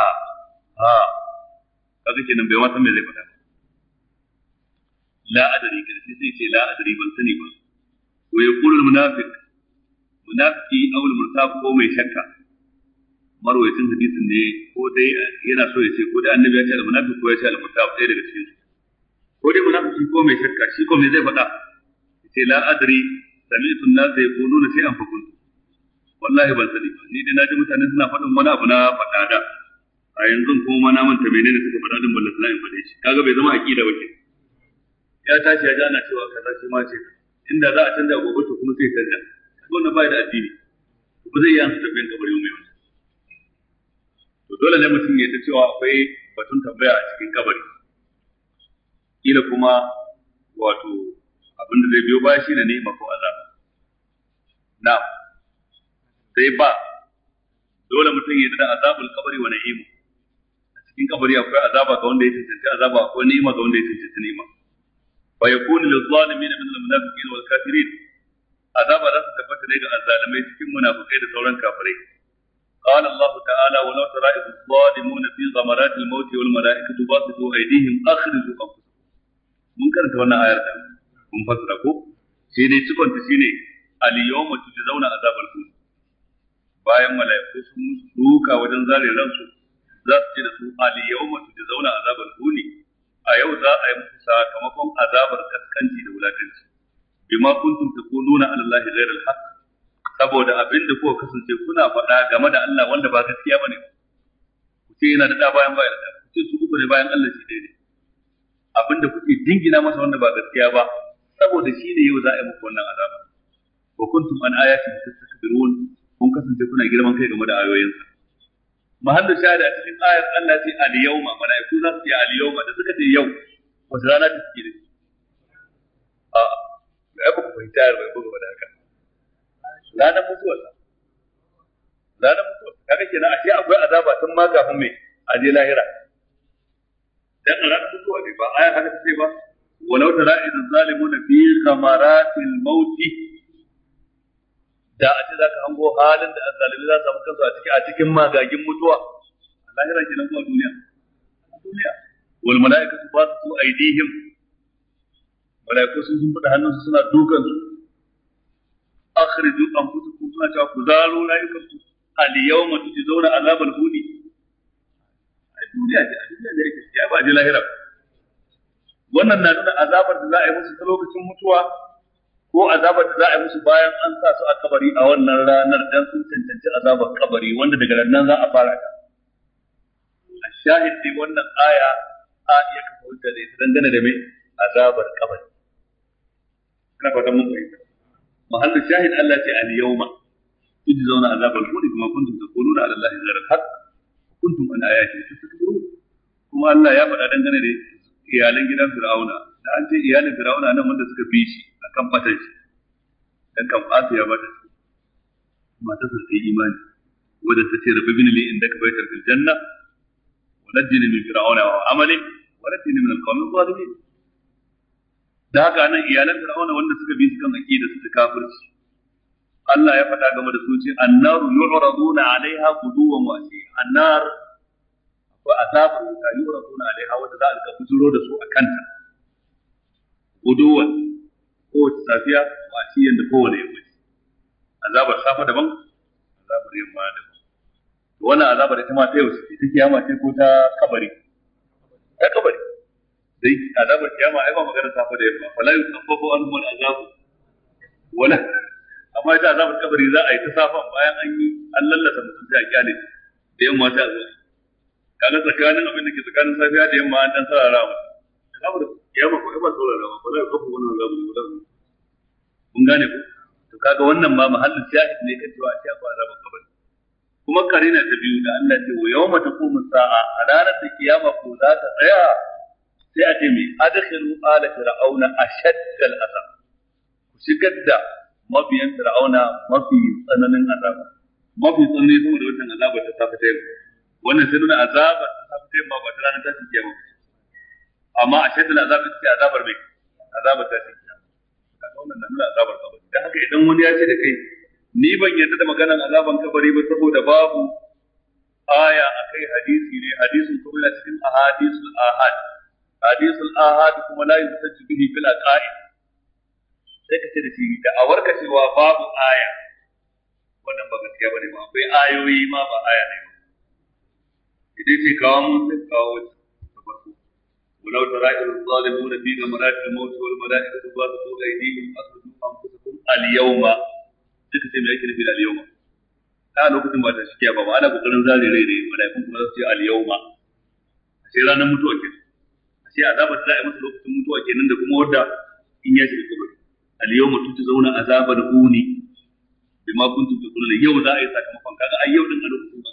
a kaga kenan bai ma san me zai faɗa ba la adari kan sai sai ce la adari ban sani ba wa yaqulu munafiq munafiki aw murtab ko mai shakka marwayacin hadisin ne ko dai yana so ya ce ko da annabi ya ce al-munafiq ko ya ce al-murtab ɗaya daga cikin su ko dai munafiki ko mai shakka shi ko me zai faɗa sai la adari sami'tu an-nas yaquluna shay'an fa qultu wallahi ban sani ba ni dai naji mutane suna faɗin wani abu na faɗaɗa. a yanzu kuma ma na manta menene suka faɗa din ballan sanayin faɗe shi kaga bai zama aqida ba ke ya tashi ya ji ana cewa kaza shi ma ce inda za a canza gobe to kuma sai canja kaga wannan bai da addini kuma zai yi an tafiyan kamar yau mai wani to dole ne mutum ya ta cewa akwai batun tambaya a cikin kabari kila kuma wato abin da zai biyo baya ne ni'ima ko azaba na sai ba dole mutum ya da azabul kabari wa na'imu a cikin kabari akwai azaba ga wanda ya cancanci azaba akwai ni'ima ga wanda ya cancanci ni'ima fa yakunu lil zalimin min al munafiqin wal kafirin azaba za su tabbata ne ga azzalimai cikin munafikai da sauran kafirai قال الله تعالى ولو ترى إذ الظالمون في غمرات الموت والملائكة باسطوا أيديهم أخرجوا أنفسكم من كانت wannan ayar mun fassara ko sai dai cikon ta shine al yawma tujzauna azabal kun bayan mala'iku sun duka wajen zare ransu za su ce da su al yawma tujzauna azabal kun a yau za a yi musu sakamakon azabar kaskanci da wulakanci ma kuntum takununa ala allahi ghayril haqq saboda abin da kuka kasance kuna faɗa game da Allah wanda ba gaskiya bane ku ce yana da da bayan bayan da ku ce su uku ne bayan Allah shi daidai abin da kuke dingina masa wanda ba gaskiya ba saboda shi ne yau za a yi muku wannan azaba wa kuntum an ayati tastakbirun kun kasance kuna girman kai game da ayoyinsa mahallin shahada a cikin ayar Allah ce al yawma malaiku za su ce al yawma da suka ce yau wasu rana ta suke da shi a ya ba ku fahimta ayar bai buga da haka ranar mutuwar ranar mutuwar kaga kenan ashe akwai azaba tun ma kafin mai aje lahira dan ranar mutuwa ne ba ayar haka ce ba ولو ترى إذ الظالمون في غمرات الموت da a ce za ka hango halin da azzalimi za su samu kansu a cikin a cikin magagin mutuwa a lahira ke kenan kuma duniya duniya wal malaikatu basitu aydihim malaiku sun sun fada hannunsu suna dukan su akhriju anfusakum suna cewa ku zaro rayukanku al yawma tujzauna azabal huni a duniya ce a duniya ne ya ba je lahira ba wannan na nuna azabar da za a yi musu ta lokacin mutuwa ko azabar da za a yi musu bayan an sa su a kabari a wannan ranar dan sun cancanci azabar kabari wanda daga nan za a fara ta a shahid dai wannan aya a iya kafa hujja da ita dangane da mai azabar kabari Kana fatan mun fahimta mahallu shahid Allah ce al yawma tujzauna azabal khuldi bima kuntum taquluna ala allahi ghayra al haqq kuntum an ayati tastakbirun kuma Allah ya faɗa dangane da iyalan gidan fir'auna da an ce iyalin fir'auna nan wanda suka bi shi a kan fatan shi dan kan fata ya bata mata sun ta imani wadda ta ce rabbi bin li indaka baitar fil janna wa najjini min fir'auna wa amali wa najjini min al-qawmi adh-dhalimin da haka nan iyalan fir'auna wanda suka bi shi kan aqida su ta kafirci Allah ya faɗa game da su ce annaru yu'raduna 'alaiha quduwan wa asiya annar wa azabu ta yuraduna alaiha wanda za a rika bujuro da su a kanta guduwa kowace safiya wa asiyan da kowane yammaci azabar safa daban azabar yamma daban wannan azabar ita ma ta yau ce ta kiyama ce ko ta kabari ta kabari dai azabar kiyama ai ba magana safa da yamma fala yusaffafu anhum al-azab wala amma ita azabar kabari za a yi ta safa bayan an yi an lallasa mutum sai a da yamma ta a zo kaga tsakanin abin da ke tsakanin safiya da yamma an dan sarara mu saboda ya ba ko ba saurara ba wala ko wannan zamu yi wannan Mun gane ko to kaga wannan ma mahallin shahid ne kan cewa a ba azaba kabari kuma karina ta biyu da Allah ce wa yawma taqumu sa'a a ranar da kiyama ko za ta tsaya sai a ce mai adkhilu ala fir'auna ashaddal azab ku shigar da mabiyan fir'auna mafi tsananin azaba mafi tsanani saboda wannan azaba ta tafi ta yau wannan sai nuna azabar ta safi ta yamma ba ta ranar tashin kiyama ba amma a shaidar azabar ita azabar mai azabar tashin kiyama kaga wannan na nuna azabar kabari dan haka idan wani ya ce da kai ni ban yarda da maganar azaban kabari ba saboda babu aya a kai hadisi ne hadisin kuma yana cikin ahadisul ahad hadisul ahad kuma la yusajju bihi fil aqaid sai ka ce da shi da awarka cewa babu aya wannan ba gaskiya bane ba akwai ayoyi ma ba aya ne ba idan ce kawo mun sai kawo wata ta farko walau tara idh zalimuna fi ghamrat al-maut wal malaikatu basitu aydihim akhrijū anfusakum al-yawma duka sai me yake nufi al-yawma ta lokacin ba ta shikiya ba ana kokarin zare rai rai malaikun kuma za su ce al-yawma sai ranar mutuwa kenan sai azabar da za a yi masa lokacin mutuwa kenan da kuma wadda in ya shiga kabari tun ta zauna azabar huni bima kuntum taqulun yau za a yi sakamakon kaga a yau din a lokacin ba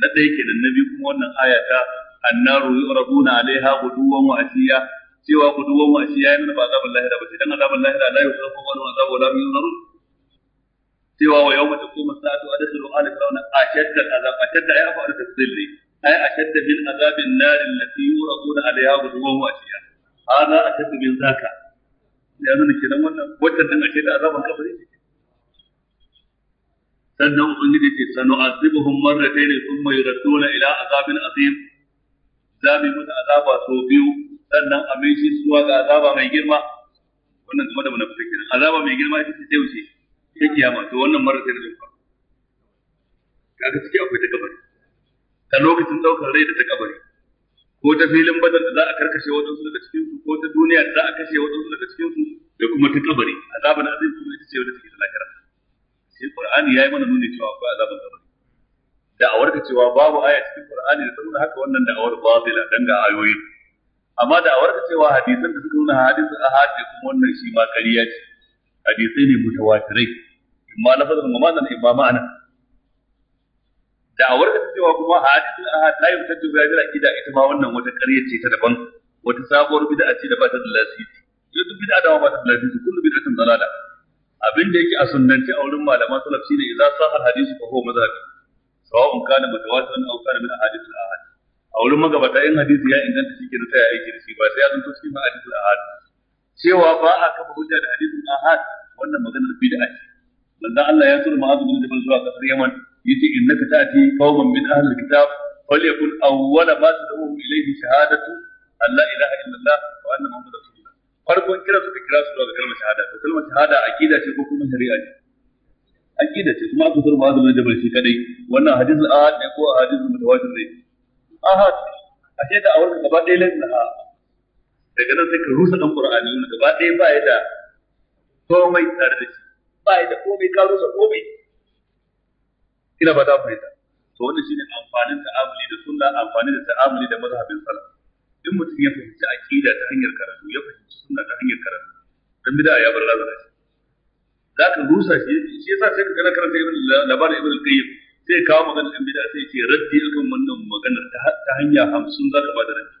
na ɗaya kenan na biyu kuma wannan aya ta annaru yu'raduna alaiha guduwan wa asiya cewa guduwan wa asiya yana ba azabul lahira ba sai dan azabul lahira la yukhaffafu wa azabu la yunzarun cewa wa yawma taqumu as-sa'atu adkhilu ala fir'auna ashadda al-azab ashadda ay afa al-tafsil ay ashadda min azab an-nar allati yu'raduna alaiha guduwan wa asiya hada ashadda min zaka ya nuna kenan wannan wata dan ashe da azabun kabari sannan ubangiji ce sanu azibuhum marratayn thumma yuraduna ila azabin azim zabi musu azaba so biyu sannan a mai shi zuwa ga azaba mai girma wannan game da munafikai kenan azaba mai girma ita ce tauce ta kiyama to wannan marratayn din fa kaga ciki akwai ta kabari ta lokacin daukar rai da ta kabari ko ta filin badar da za a karkashe waɗansu daga cikin su ko ta duniya da za a kashe waɗansu daga cikin su da kuma ta kabari azaban azim kuma ita ce wadda take da lahira sai qur'ani yayi mana nuni cewa akwai azabin kabari da'awar ka cewa babu aya cikin qur'ani da nuna haka wannan da'awar batila dan ga ayoyi amma da'awar ka cewa hadisan da suka nuna hadisin ahadi kuma wannan shi ma kariya ce hadisai ne mutawatirai imma lafazin mamanan imma ma'ana da'awar ka cewa kuma hadisin ahad la yutaddu bi hadhihi kida ita ma wannan wata kariya ce ta daban wata sabuwar bid'a ce da ba ta da lasisi yau duk bid'a da ba ta da lasisi kullu bid'atin dalala abin da yake a sunnanci a wurin malaman salaf shine idza sahal hadisu fa huwa mazhabi sawa'un kana mutawatiran aw kana min ahadith al-ahad a wurin magabata in hadisi ya inganta shike da sai aiki da shi ba sai ya zanto shi ma hadith al-ahad cewa ba a kafa hujja da hadisin ahad wannan maganar bid'a ce manzon Allah ya tura ma'azu bin jabal zuwa kasar Yaman yace innaka ta'ti qauman min ahli al-kitab falyakun awwala ma tad'uhum ilayhi shahadatu an la ilaha illallah wa anna muhammadar rasulullah farkon kira su ka kira su da kalmar shahada to kalmar shahada aqida ce ko kuma shari'a ce aqida ce kuma aka turba da jabal shi kadai wannan hadis al-ahad ne ko hadis mutawatir ne ahad a ce da awarka gaba ɗaya laifin da daga nan sai ka rusa dan qur'ani wani gaba ɗaya ba ya da komai tare da shi ba ya da komai ka rusa komai ina ba ta fahimta to wannan shine amfanin ta'amuli da sunna amfani da ta'amuli da mazhabin salaf in mutum ya fahimci aƙida ta hanyar karatu ya fahimci suna ta hanyar karatu dan bid'a ya bar lazara shi ka rusa shi shi yasa sai ka kana karanta ibn labarin ibn al-qayyim sai kawo maganar dan bid'a sai ce raddi akan wannan maganar ta hanya za ka ba da raddi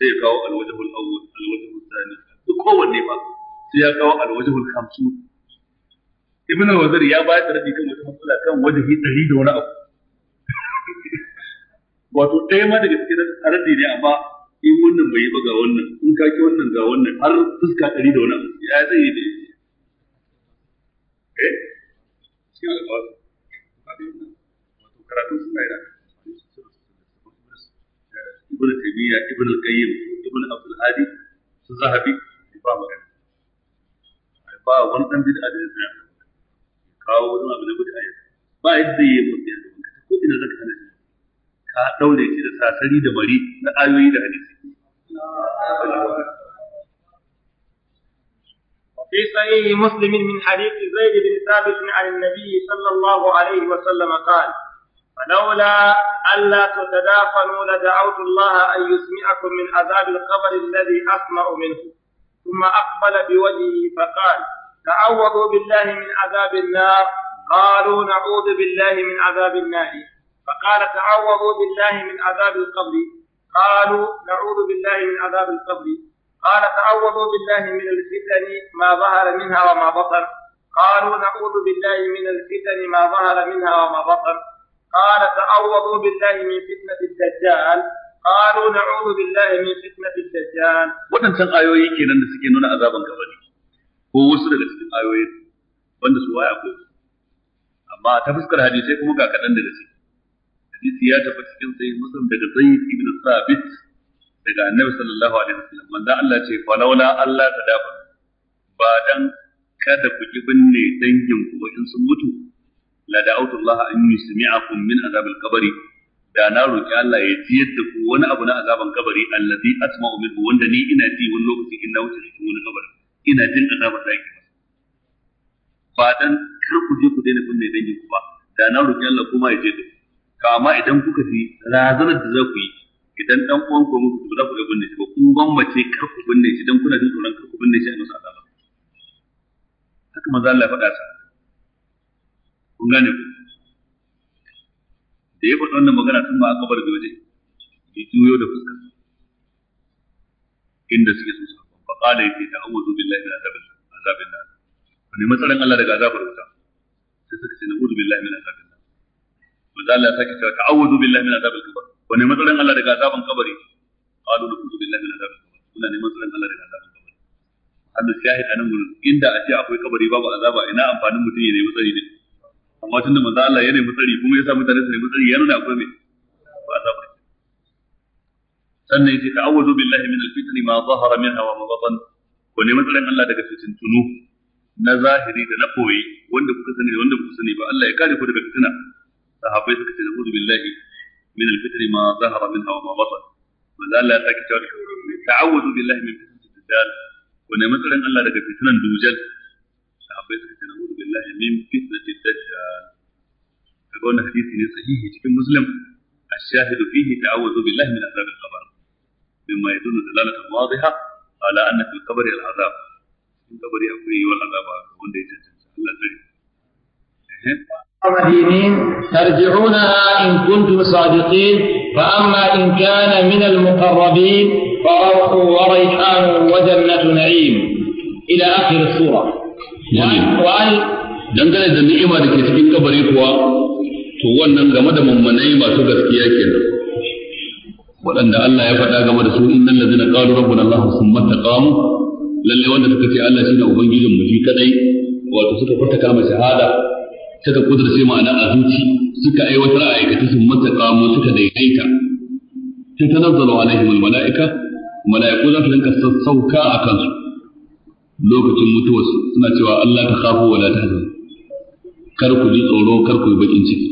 sai kawo al awwal al thani duk kowanne ba sai ya kawo al-wajhul 50 ibn al-wazir ya ba da raddi kan wata matsala kan wajhi dari da wani abu wato ɗaya ma daga cikin raddi ne amma in wannan bai yi ba ga wannan in ka ki wannan ga wannan har fuska ɗari da wani ya zai yi da eh shi alƙawari wato karatun suna yi da ibn taymiya ibn al-qayyim ibn abdul hadi su zahabi ba magana ba wani dan bid'a da zai kawo wani abu na bid'a ba yadda yayi mutum ya ko ina zaka hana ka daure shi da sasari da ayoyi da hadisi في صحيح مسلم من حديث زيد بن ثابت عن النبي صلى الله عليه وسلم قال فلولا ألا تتدافنوا لدعوت الله أن يسمعكم من عذاب القبر الذي أسمع منه ثم أقبل بوجهه فقال تعوذوا بالله من عذاب النار قالوا نعوذ بالله من عذاب النار فقال تعوذوا بالله من عذاب القبر قالوا نعوذ بالله من عذاب القبر قال تعوذوا بالله من الفتن ما ظهر منها وما بطن قالوا نعوذ بالله من الفتن ما ظهر منها وما بطن قال تعوذوا بالله من فتنة الدجال قالوا نعوذ بالله من فتنة الدجال ودن سن آيوي da suke nuna azaban kabari ko wasu daga cikin ayoyi wanda أما waya ko amma ta fuskar hadisi hadisi ya tafi cikin sai muslim daga zaid ibn sabit daga annabi sallallahu alaihi wasallam manzo Allah ce falawla Allah ta dafa. ba dan kada ku ki binne dangin ku in sun mutu la da'utu Allah an yusmi'akum min azabil qabri da na roki Allah ya ji yadda ku wani abu na azaban kabari allazi asma'u minhu wanda ni ina ji wani lokaci in na wuce cikin wani kabari ina jin azabar da yake ba dan kar ku je ku daina binne dangin ku ba da na roki Allah kuma ya ji yadda ku to amma idan kuka ji razanar da za ku yi idan dan uwan ku muku za ku ga binne shi ba kun gwammace kar ku binne shi dan kuna jin tsoron kar ku binne shi a masa azaba haka maza Allah faɗa sa kun gane ku da ya faɗi wannan magana sun ba a kabar da waje ya juyo da fuska inda suke so sa fa qala yake ta'awuzu billahi min azabil azabin nar ne matsalan Allah daga azabar wuta sai suka ce na udu billahi min azabil manzo Allah ya sake cewa ta'awudu billahi min azabil qabr ko ne matsalan Allah daga azaban kabari qalu dukhulu billahi min azabil qabr kuna ne matsalan Allah daga azaban kabari hadu shahid anan gurin inda a ce akwai kabari babu azaba ina amfanin mutum ya nemi tsari ne amma tunda manzo Allah ya nemi tsari kuma yasa mutane su nemi tsari ya nuna akwai me ba azaba sannan yace ta'awudu billahi min alfitni ma zahara minha wa ma batan ko ne matsalan Allah daga fitintunu na zahiri da na koyi wanda kuka sani da wanda kuka sani ba Allah ya kare ku daga fitina صحابتك تنبوذ بالله من الفتر ما ظهر منها وما بطن وذال لا تاكي تعوذ بالله من فتنة الدجال وانا مثلا الله لك فتنة دوجل صحابتك تنبوذ بالله من فتنة الدجال فقولنا حديث صحيح تكون مسلم الشاهد فيه تعوذ بالله من عذاب القبر مما يدل دلالة واضحة على أن في القبر العذاب في القبر أقوي والعذاب هو الذي يتجنس الله مدينين ترجعونها إن كنتم صادقين فأما إن كان من المقربين فروح وريحان وجنة نعيم إلى آخر السورة وأن دنجل النعيمة التي في القبر هو تولى غمد من منعيمة تغسكياك وأن الله يفتح غمد سوء إن الذين قالوا ربنا الله ثم استقاموا للي وأن تكتي الله سنة أبنجيزم مجيكا وأن تكتي الله شهادة ta suka sai ma'ana a zuci suka aiwatar a aikata sun mata kamo suka daidaita sai ta nazzalo alaihim almala'ika mala'iku za su rinka sassauka a kansu lokacin mutuwarsu suna cewa Allah ta khafu wa la tahzan kar ku ji tsoro kar ku yi bakin ciki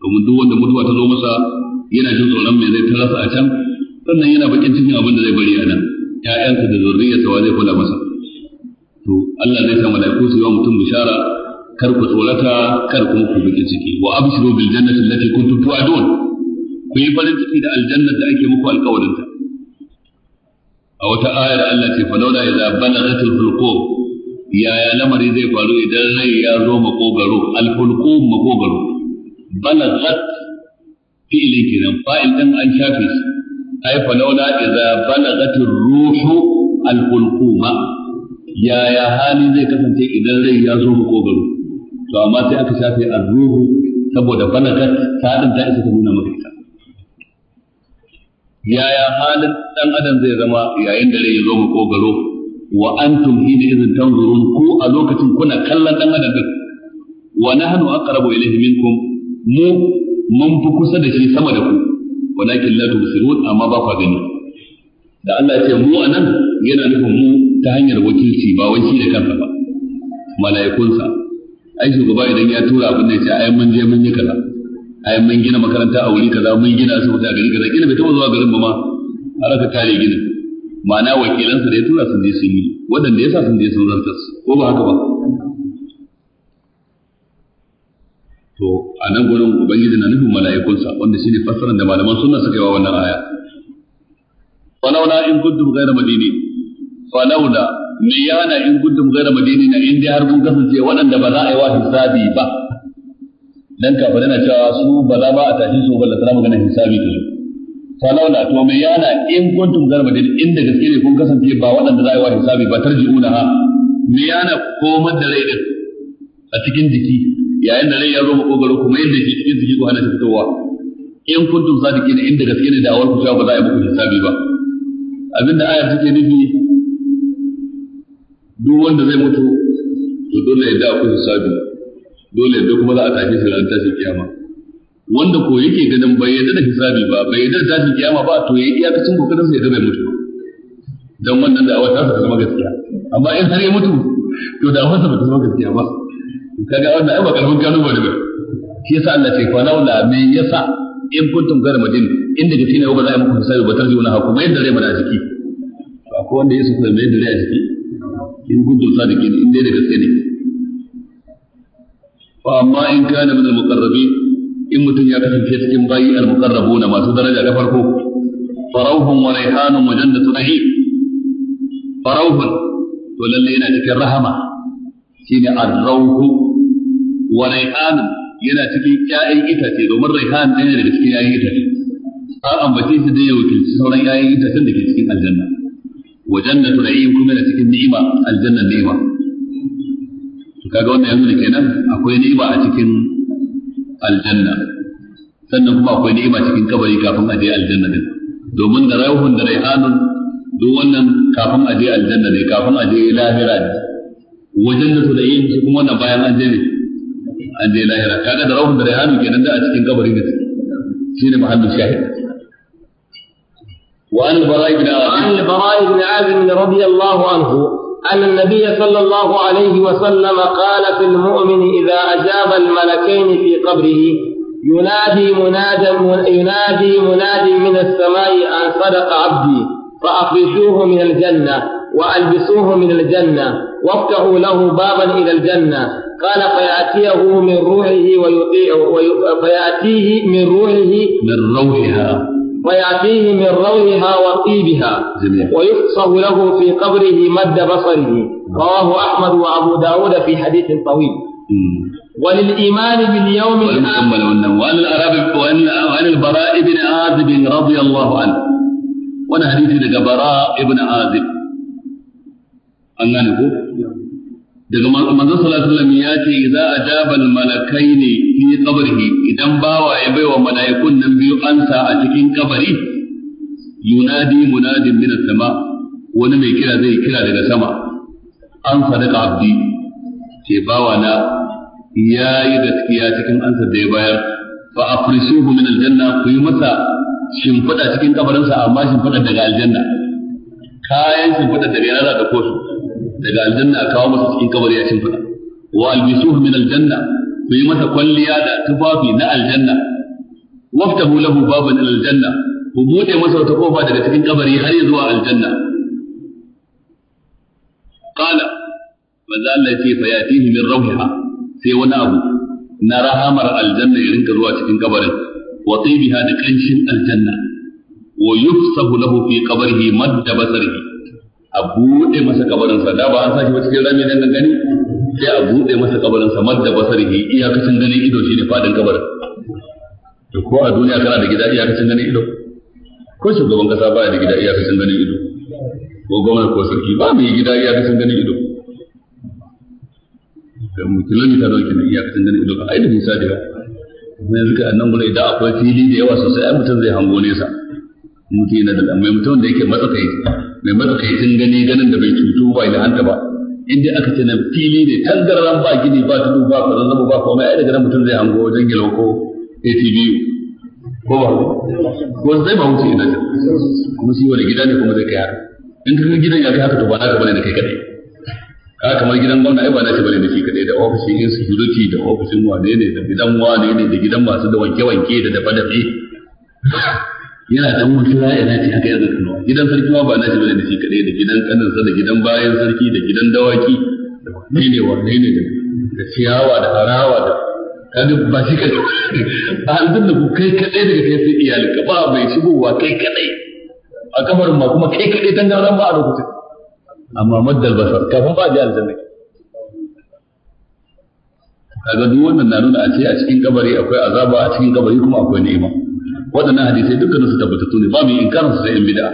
domin duk wanda mutuwa ta zo masa yana jin tsoron me zai tarasa a can sannan yana bakin cikin abin da zai bari a nan ƴaƴansa da zurriyarsa wa zai kula masa to Allah zai sa mala'iku su yi wa mutum bishara kar ku tsorata kar kuma ku biki ciki wa abshiru bil jannati allati kuntum tu'adun ku yi farin ciki da aljanna da ake muku alƙawarin ta a wata ayar Allah ce falawla idza balagatil hulqum yaya lamari zai faru idan rai ya zo makogaro al hulqum makogaro balagat fi'ilin kenan fa'il din an shafe shi ai falawla idza balagatir ruhu al hulquma yaya hali zai kasance idan rai ya zo makogaro to amma sai aka shafe ar-ruhu saboda balagat ta ta isa ta nuna maka ita yaya halin dan adam zai zama yayin da rai ya zo makogaro wa antum hina idhin tanzurun ku a lokacin kuna kallon dan adam din wa nahnu aqrabu ilayhi minkum mu mun fi kusa da shi sama da ku walakin la tubsirun amma ba fa gani da Allah ya ce mu anan yana nufin mu ta hanyar wakilci ba wai shi da kansa ba mala'ikunsa ai shugaba idan ya tura abin da ya ce ai mun je mun yi kaza ai mun gina makaranta a wuri kaza mun gina asibiti a gari kaza kila bai taba zuwa garin ba ma har aka kare gina ma'ana wakilansa da ya tura sun je sun yi waɗanda ya sa sun je sun su ko ba haka ba to a nan gurin ubangiji na nufin mala'ikunsa wanda shine fassarar da malaman sunna suka yi wa wannan aya falawla in kuntum ghayra madini falawla me yana in kuntum ghayra na in dai har kun kasance waɗanda ba za a yi wa hisabi ba dan kafare na cewa su ba za ba a tashi su ba da mun magana hisabi da su falaula to me yana in gudun ghayra madinina in da gaske ne kun kasance ba waɗanda za a yi wa hisabi ba tarji'una ha me yana komar da rai din a cikin jiki yayin da rai ya zo makogaro kuma yadda ke cikin jiki ko hana shi fitowa in kuntum sadiqina inda gaske ne da awar ku cewa ba za a yi muku hisabi ba abinda ayar take nufi duk wanda zai mutu to dole ya da ku hisabi dole ya kuma za a tafi shi ran tashi kiyama wanda ko yake ganin bai yadda da hisabi ba bai yadda da shi kiyama ba to ya yi cin kokarin sa ya ga bai mutu dan wannan da awata ta zama gaskiya amma in har ya mutu to da awata ba ta zama gaskiya ba kaga wannan ai ba karamin gano ba ne shi yasa Allah ce fa laula me yasa in kuntum gar madin inda gaske ne ba za a yi muku hisabi ba tarjiuna hakuma yadda rai mana jiki akwai wanda ya suka yadda da rai a jiki in kuntum sadiqin in dai da gaske ne fa amma in kana min al-muqarrabin in mutum ya kasance cikin bayi al-muqarrabuna masu daraja da farko farauhun wa raihanun wa jannatu na'im farauhun to lalle yana cikin rahama shine ar-rauhu wa raihanun yana cikin ƴaƴan itace domin raihan ɗaya daga cikin ƴaƴan itace an ambace shi da ya wakilci sauran ƴaƴan itacen da ke cikin aljanna wa jannatu na'im kuma da cikin ni'ima aljannan ni'ima to kaga wannan yanzu kenan akwai ni'ima a cikin aljanna sannan kuma akwai ni'ima cikin kabari kafin a je aljanna domin da rauhun da raihanun duk wannan kafin a je aljanna ne kafin a je lahira ne wajen da su da yin su wannan bayan an je an je da da kenan da a cikin kabari ne وعن البراء بن عازب وعن البراء بن عازب رضي الله عنه أن النبي صلى الله عليه وسلم قال في المؤمن إذا أجاب الملكين في قبره ينادي مناد ينادي مناد من السماء أن صدق عبدي فأخرجوه من الجنة وألبسوه من الجنة وافتحوا له بابا إلى الجنة قال فيأتيه من روحه ويطيع فيأتيه من روحه من روحها ويعفيه من روعها وطيبها جميل. له في قبره مد بصره نعم. رواه أحمد وأبو داود في حديث طويل وللإيمان باليوم الآخر وأن وأن البراء بن عازب رضي الله عنه وأنا حديث براء بن عازب أن نقول daga manzon sallallahu alaihi wasallam ya ce za idza ajaba al malakaini fi qabrihi idan bawa ya baiwa malaikun nan biyu ansa a cikin kabari yunadi munadin min sama wani mai kira zai kira daga sama an sadaka abdi ce bawa na ya yi gaskiya cikin ansa da ya bayar fa afrisuhu min aljanna ku yi masa shimfiɗa cikin kabarinsa amma shimfiɗa daga aljanna kayan shimfiɗa daga yana da kosu daga aljanna a kawo masa cikin kabari a shimfiɗa wa albisuhu min aljanna ku yi masa kwalliya da tufafi na aljanna waftahu lahu baban aljanna ku buɗe masa wata kofa daga cikin kabari har ya zuwa aljanna qala manzo Allah ce fa yatihi min sai wani abu na rahamar aljanna ya rinka zuwa cikin kabarin wa tibiha da kanshin aljanna wa yufsahu lahu fi qabrihi madda basarihi a buɗe masa kabarinsa da ba an sa shi ba cikin rami nan gani sai a buɗe masa kabarinsa madda basarihi iyakacin gani ido shine fadin kabar to ko a duniya kana da gida iyakacin gani ido ko shugaban kasa baya da gida iyakacin gani ido ko gwamnati ko sarki ba mai gida iyakacin gani ido da mu kilomita nawa kenan iyakacin gani ido a idan nisa da yawa kuma yanzu ka annan gure idan akwai fili da yawa sosai ai mutum zai hango nesa mutum yana da amma mutum da yake matsakaici mai matsakaicin gani ganin da bai cutu ba anta ba in dai aka ce na fili ne tangaran ba gini ba tudu ba ko zama ba komai ai daga nan mutum zai hango wajen gilo ko ATV ko ba ko zai ba wuce ina ta kuma shi wani gida ne kuma zai kai in ka gidan ya kai haka to ba ka bane da kai kadai ka kamar gidan gwamna ai ba na ce bane da shi kadai da ofishin insecurity da ofishin wane ne da gidan wane ne da gidan masu da wanke-wanke da dafa-dafe yana dan mutuwa yana ci haka yanzu kuma gidan sarki ma ba na shi da shi kadai da gidan kaninsa da gidan bayan sarki da gidan dawaki da ne wane ne da ciyawa da harawa da kada ba shi ka a hannun da ku kai kadai daga kai sai iyalinka ba mai shigowa kai kadai a kafarin ma kuma kai kadai tangaran ba a lokacin amma maddal basar kafin ba a je aljanna kaga duk wannan na nuna a ce a cikin kabari akwai azaba a cikin kabari kuma akwai ni'ima waɗannan hadisai dukkanin su tabbatattu ne ba mu inkarin su sai yan bid'a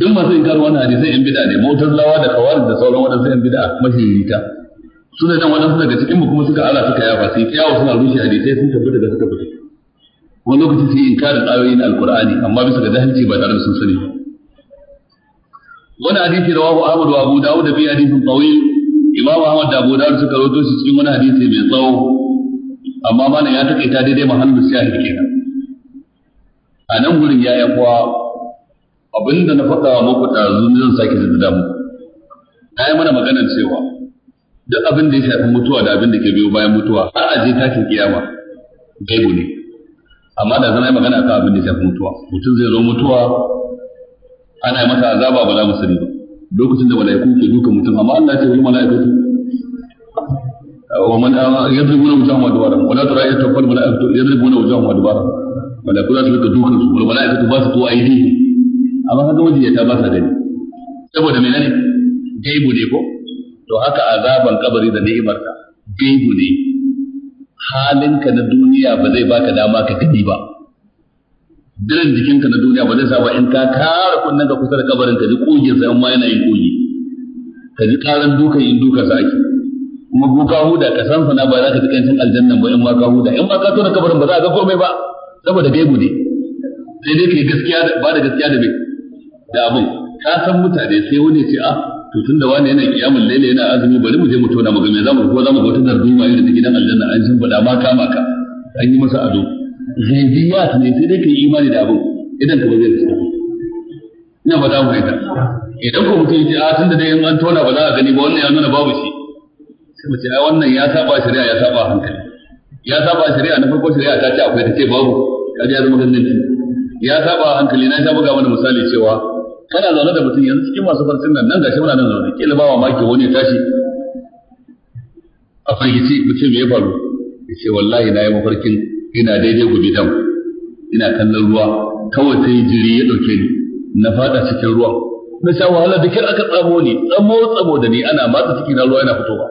duk masu inkarin wannan hadisai yan bid'a ne lawa, da khawarij da sauran waɗansu yan bid'a ta. su ne nan waɗansu daga cikin mu kuma suka Allah suka yafa sai kiyawa suna rushe hadisai sun tabbata da suka fita wani lokaci sai inkarin ayoyin alqur'ani amma bisa ga jahilci ba tare da sun sani wani hadisi rawahu Ahmad wa Abu Dawud bi hadisin tawil Imam Ahmad da Abu Dawud suka rawaito shi cikin wani hadisi mai tsawo amma mana ya takaita daidai mahallin shahid kenan a nan gurin ya yi kuwa abinda na faɗa muku ɗazu zan sake da damu na yi mana maganar cewa duk abin da ya shafi mutuwa da abin da ke biyo bayan mutuwa har a je tashin kiyama gaibu ne amma da zama yi magana akan abin da ya shafi mutuwa mutum zai zo mutuwa ana yi masa azaba ba za mu sani ba lokacin da mala'iku ke duka mutum amma Allah ce wani mala'iku ومن يضربون وجوههم ودبارهم ولا ترى يتوفى الملائكة يضربون وجوههم ودبارهم malaku za su rika dukan su wal wala ba su ko aidi amma kaga ta ba sa gani saboda menene gaibu ne ko to haka azaban kabari da ni'imarka gaibu ne halinka na duniya ba zai baka dama ka gani ba jikin jikinka na duniya ba zai sa ba in ka kara kunnen ka kusa da kabarin ka ji kogin sa ma yana yin kogi ka ji karan dukan yin dukan sa ake kuma ko ka huda ka san sana ba za ka ji kancin aljannan ba in ma ka huda in ma ka tona kabarin ba za ka ga komai ba saboda gaibu ne sai dai kai gaskiya ba da gaskiya da bai da abin ka san mutane sai wani ce a ah, to tunda wani yana kiyamul laila yana azumi bari mu je mu tona mu me zamu ko zamu ga wata darduma irin da gidan aljanna an san bada ma kama ka an yi masa ado ghaibiyat ne sai dai kai imani da abin idan ka bazai ka ina ba mu ita idan ko mutum ce a ah, tunda dai in an tona ba za a gani ba wannan ya nuna babu shi sai mu ce ai wannan ya saba shari'a ya saba hankali ya saba shari'a na farko shari'a ta ce akwai ta ce babu kaje ya zama ganganci ya saba hankali na ta buga mana misali cewa kana zaune da mutum yanzu cikin masu farcin nan nan gashi muna nan zaune kila ba maki wani ya tashi a fahimci mutum me ya faru ya ce wallahi na yi mafarkin ina daidai gobe dam ina kallon ruwa kawai sai jiri ya dauke ni na fada cikin ruwa? na sha wahala da kyar aka tsamo ni tsamo tsamo da ni ana matsa ciki na ruwa yana fitowa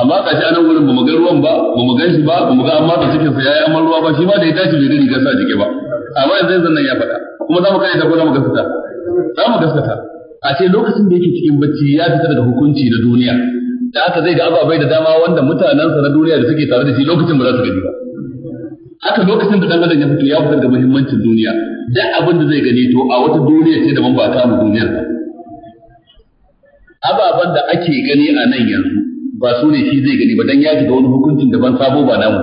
amma ka ji anan gurin ba mu ga ruwan ba ba mu ganshi ba ba mu ga amma da cikin sa yayi amma ruwa ba shi ma da ya tashi bai riga sa jike ba amma yanzu zan nan ya faɗa kuma za mu kai ta ko za mu gaskata za mu gaskata a ce lokacin da yake cikin bacci ya fita daga hukunci na duniya da haka zai ga ababai da dama wanda mutanensa na duniya da suke tare da shi lokacin ba za su gani ba haka lokacin da dangane ya fito ya fitar da muhimmancin duniya duk abin da zai gani to a wata duniya ce ban ba ta mu duniyar ababan da ake gani a nan yanzu ba su ne shi zai gani ba dan ya shiga wani hukuncin da ban sabo ba namu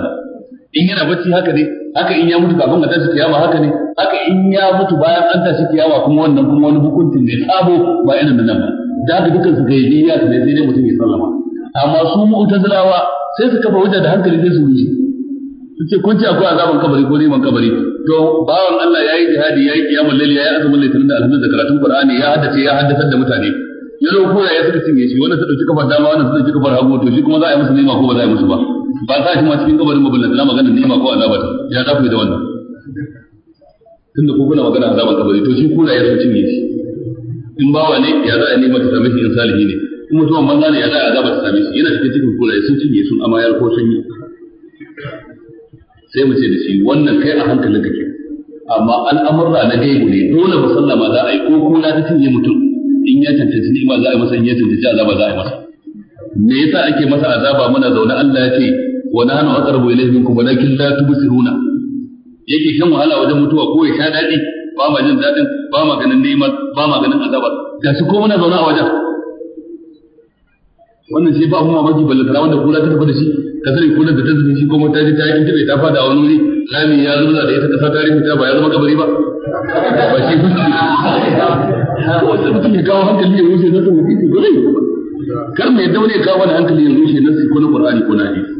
in yana bacci haka ne haka in ya mutu kafin a tashi kiyama haka ne haka in ya mutu bayan an tashi kiyama kuma wannan kuma wani hukuncin ne sabo ba irin nan ba da haka dukkan su gaidi ya ne dai ne mutum ya sallama amma su mu'tazilawa sai su kafa wajen da hankali zai su su ce kun ci akwai azaban kabari ko neman kabari to bawan Allah ya yi jihadi ya yi kiyamul ya yi azumin litinin da alhamdulillah da karatun qur'ani ya haddace ya haddace da mutane ya zo koya ya suka cinye shi wannan ta dauki kafar dama wannan ta dauki kafar hagu to shi kuma za a yi musu nema ko ba za a yi musu ba ba sa shi ma cikin kabarin maballanta na magana nema ko azaba ya za ku yi da wannan tunda ko kuna magana ta kabari to shi koya ya suka cinye shi in bawa ne ya za a nema ta same shi in salihi ne in mutumin banza ne ya za a azaba ta same shi yana cikin cikin koya ya sun cinye sun amma ko sun yi sai mu ce da shi wannan kai a hankalin ka ke amma al'amurra na gaibu ne dole musallama za a yi ko kula ta cinye mutum in ya tantance ni'ima za a yi masa in ya tantance azaba za a yi masa me yasa ake masa azaba muna zaune Allah ya ce wa na nahnu aqrabu ilayhi minkum walakin la tubsiruna yake kan wahala wajen mutuwa ko ya sha dadi ba ma jin dadin ba ma ganin ni'imar ba ma ganin azabar ga su ko muna zaune a wajen wannan shi ba abun mamaki balle tana wanda kula ta tafi da shi ka sani kula da ta zubi shi kuma ta je ta yi intibe ta fada wani wuri rami ya zuba da ita kasa ta rufe ta ba ya zama kabari ba ba shi ya kawo hankali ya rushe na tun hadisi ba kar mai yadda wani ya kawo wani hankali ya rushe na ko na qur'ani ko na hadisi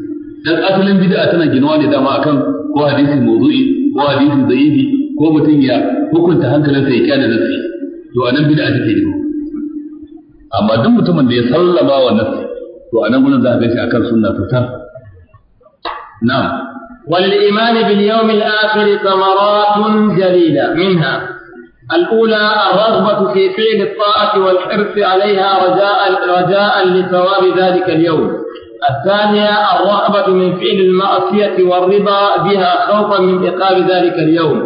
dan asalin bid'a tana ginawa ne dama akan ko hadisi mawdu'i ko hadisi da'ifi ko mutum ya hukunta hankalinsa ya kyale nasi to anan bid'a take ne amma duk mutumin da ya sallama wa nasi to anan gurin za a gaishe akan sunna ta tar na'am والإيمان باليوم الآخر ثمرات جليلة منها الأولى الرغبة في فعل الطاعة والحرص عليها رجاء رجاء لثواب ذلك اليوم. الثانية الرغبة من فعل المعصية والرضا بها خوفا من عقاب ذلك اليوم.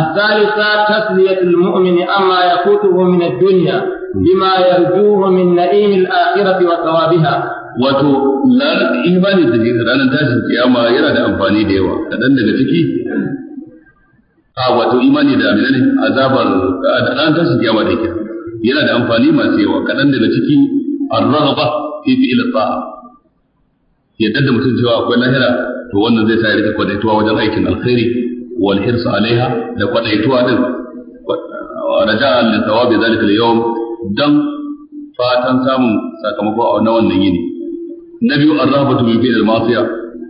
الثالثة تسلية المؤمن أما يفوته من الدنيا بما يرجوه من نعيم الآخرة وثوابها. wato imani da ranar tashin kiyama yana da amfani da yawa kaɗan daga ciki a wato imani da amina ne azabar da ran tashi kiyama da yake yana da amfani masu yawa kaɗan daga ciki ar-raghaba fi fi'l ta'a yadda da mutum cewa akwai lahira to wannan zai sa ya rika kwadaituwa wajen aikin alkhairi wal hirsa alaiha da kwadaituwa din raja'a li thawabi zalika al-yawm dan fatan samun sakamako a na wannan yini na biyu ar-rahabatu bi al ma'siyah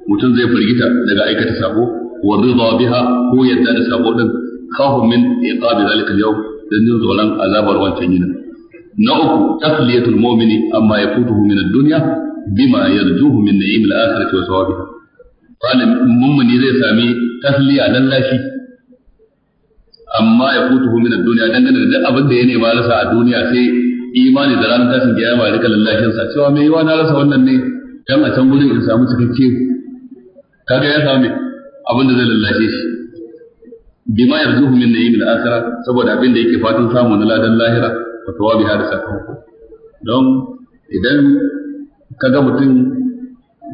mutum zai firgita daga aikata sabo wa بها biha ko yarda da من din ذلك min iqabi zalika al-yawm dan تنين نعوك azabar wancan أما na من الدنيا بما amma من min الآخرة dunya bima yarjuhu min سامي al-akhirati wa thawabiha qalim mummuni zai sami tasliya dan lashi amma yafutuhu min da abin da ya a rasa a duniya sai imani da ranar tashin kiyama ya rika lallashin sa cewa me yawa na rasa wannan ne dan a can gurin in samu cikakke kaga ya samu abin da zai lallashe shi ma yarzuhu min na'imil akhirah saboda abin da yake fatan samu na ladan lahira wa thawabi hada sakamako don idan kaga mutum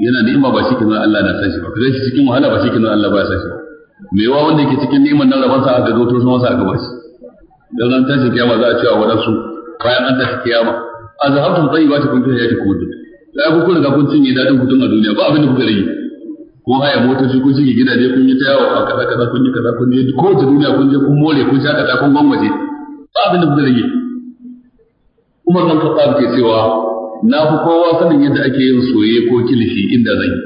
yana ni'ima ba shi kenan Allah na san shi ba kaga shi cikin wahala ba shi kenan Allah ba ya san shi ba me wa wanda yake cikin ni'imar nan rabansa aka to sun a aka bashi dan ta tashi kiyama za a ce wa wadansu bayan an tashi kiyama azhabtum tayyibatikum fi hayatikum dunya la ku kun ga kun cinye dadin hutun a duniya ba abin da kuka rage ko haya shi kun shiga gidaje kun yi ta yawo a kaza kaza kun yi kaza kun yi ko ta duniya kun je kun more kun ta kun gwangwaje ba abin da zai rage Umar bin Khattab ke cewa na fi kowa sanin yadda ake yin soyayya ko kilishi inda zan yi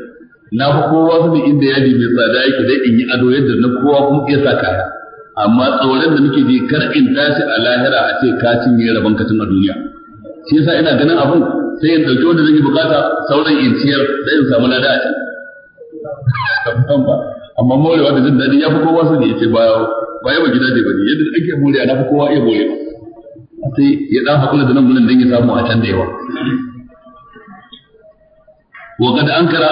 na fi kowa sanin inda yadi mai tsada yake dai in yi ado yadda na kowa kuma iya sa kaya amma tsoron da nake ji kar in tashi a lahira a ce ka cinye rabon katin a duniya shi yasa ina ganin abun sai in dauki wanda zan yi bukata sauran in ciyar sai in samu lada a can tabbatar ba amma morewa da jin daɗi ya fi kowa sani ya ce ba ba ya ba gida ne ba ne yadda ake morewa na fi kowa iya morewa sai ya ɗan haƙula da nan gudun don ya samu a can da yawa وقد أنكر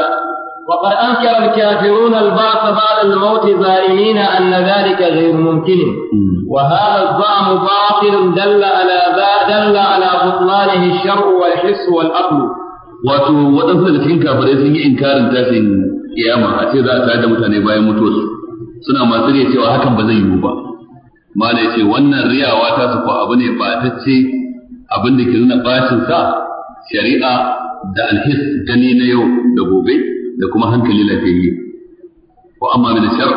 وقد أنكر الكافرون البعث بعد الموت زائمين أن ذلك غير ممكن وهذا الزعم باطل دل على دل على بطلانه الشرع والحس والعقل wato waɗansu da cikin kafirai sun yi inkarin tashin kiyama a ce za a tare da mutane bayan mutuwarsu suna masu riya cewa hakan ba zai yiwu ba mala ya ce wannan riyawa ta su ko abu ne ba ta ce abin da ke nuna bacin sa shari'a da alhis gani na yau da gobe da kuma hankali lafiyayye wa amma min shar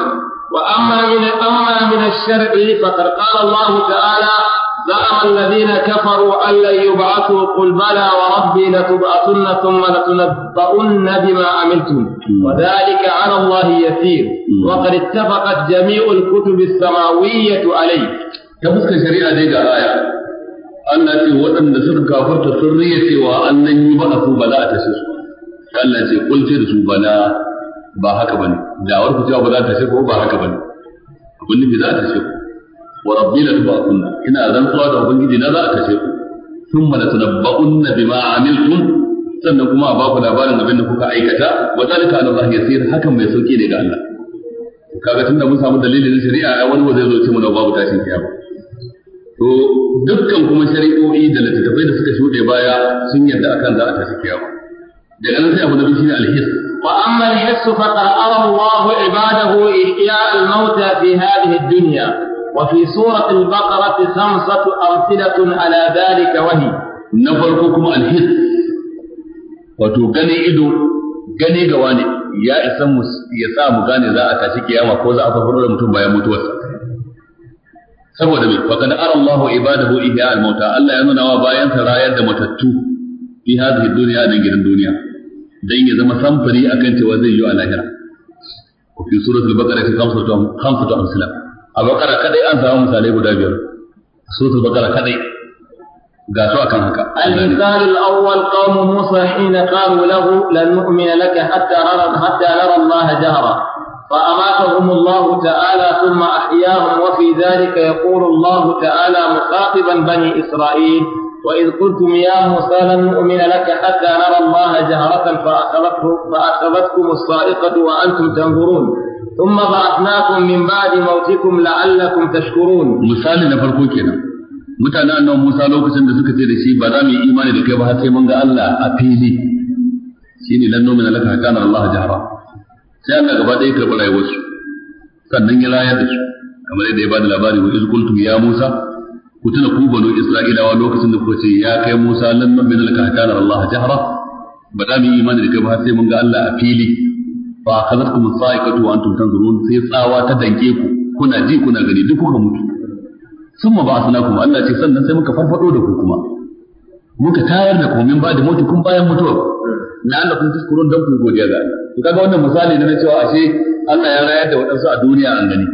wa amma min amma min shar fa qala Allah ta'ala زعم الذين كفروا أن لن يبعثوا قل بلى وربي لتبعثن ثم لتنبؤن بما عملتم وذلك على الله يسير وقد اتفقت جميع الكتب السماوية عليه تبسك شريعة ديك آية التي وأن سر كافرت سرية وأن يبعثوا بلاء تسر قال التي قل رسول بلاء ba haka bane da warku cewa ba za ta shigo ba haka bane wa rabbi la tubaqunna ina rantsuwa da ubangiji na za a kashe ku thumma la tunabba'unna bima amiltum sannan kuma a baku labarin abin da kuka aikata wa zalika ala Allah yasir hakan mai sauki ne ga Allah kaga tunda mun samu dalilin shari'a ai wani zai zo ce mu babu tashin kiyama to dukkan kuma shari'o'i da littattafai da suka shuɗe baya sun yarda akan za a tashi kiyama daga nan sai abu na biyu ne alhis وأما الحس فقد أرى الله عباده إحياء الموتى في هذه الدنيا وفي سورة البقرة خمسة أمثلة على ذلك وهي نفركم الحس wato gane ido gani ga wani ya isa mu ya sa mu gane za a tashi kiyama ko za a fafar da mutum bayan mutuwarsa saboda me fa kana ara Allahu ibadahu ihya al mauta Allah ya nuna wa bayan sa rayar da matattu fi hadhihi dunya dan gidan duniya dan ya zama samfari akan cewa zai yi a lahira fi suratul baqara ta 55 amsala a bakara kadai an samu misalai guda biyar suratul bakara kadai ga su akan haka al-misal al-awwal qawm musa hina qalu lahu lan nu'mina laka hatta nara hatta nara Allah jahra فأماتهم الله تعالى ثم أحياهم وفي ذلك يقول الله تعالى مخاطبا بني إسرائيل وإذ قلتم يا موسى لن نؤمن لك حتى نرى الله جهرة فأخذتكم الصاعقة وأنتم تنظرون ثم بعثناكم من بعد موتكم لعلكم تشكرون مثال na farko kenan mutanen annabi Musa lokacin da suka ce da shi ba za mu yi imani da kai ba har sai mun ga Allah a fili shine lan nomin laka kana Allah jahra sai Allah gaba ɗaya karɓi rayuwarsu sannan ya layar da su kamar yadda ya bada labari wa izkultum ya Musa ku tuna ku banu Isra'ilawa lokacin da kuka ce ya kai Musa lan nomin laka kana Allah jahra ba za mu yi imani da kai ba har sai mun ga Allah a fili fa akhadhakum as-sa'iqatu wa antum tanzurun sai tsawa ta danke ku kuna ji kuna gani duk kuka mutu summa ba'athnakum Allah ce sannan sai muka farfado da ku kuma muka tayar da ku min ba da kun bayan mutuwa na Allah kun tuskurun dan ku godiya ga Allah kaga wannan misali ne na cewa ashe Allah ya rayar da wadansu a duniya an gani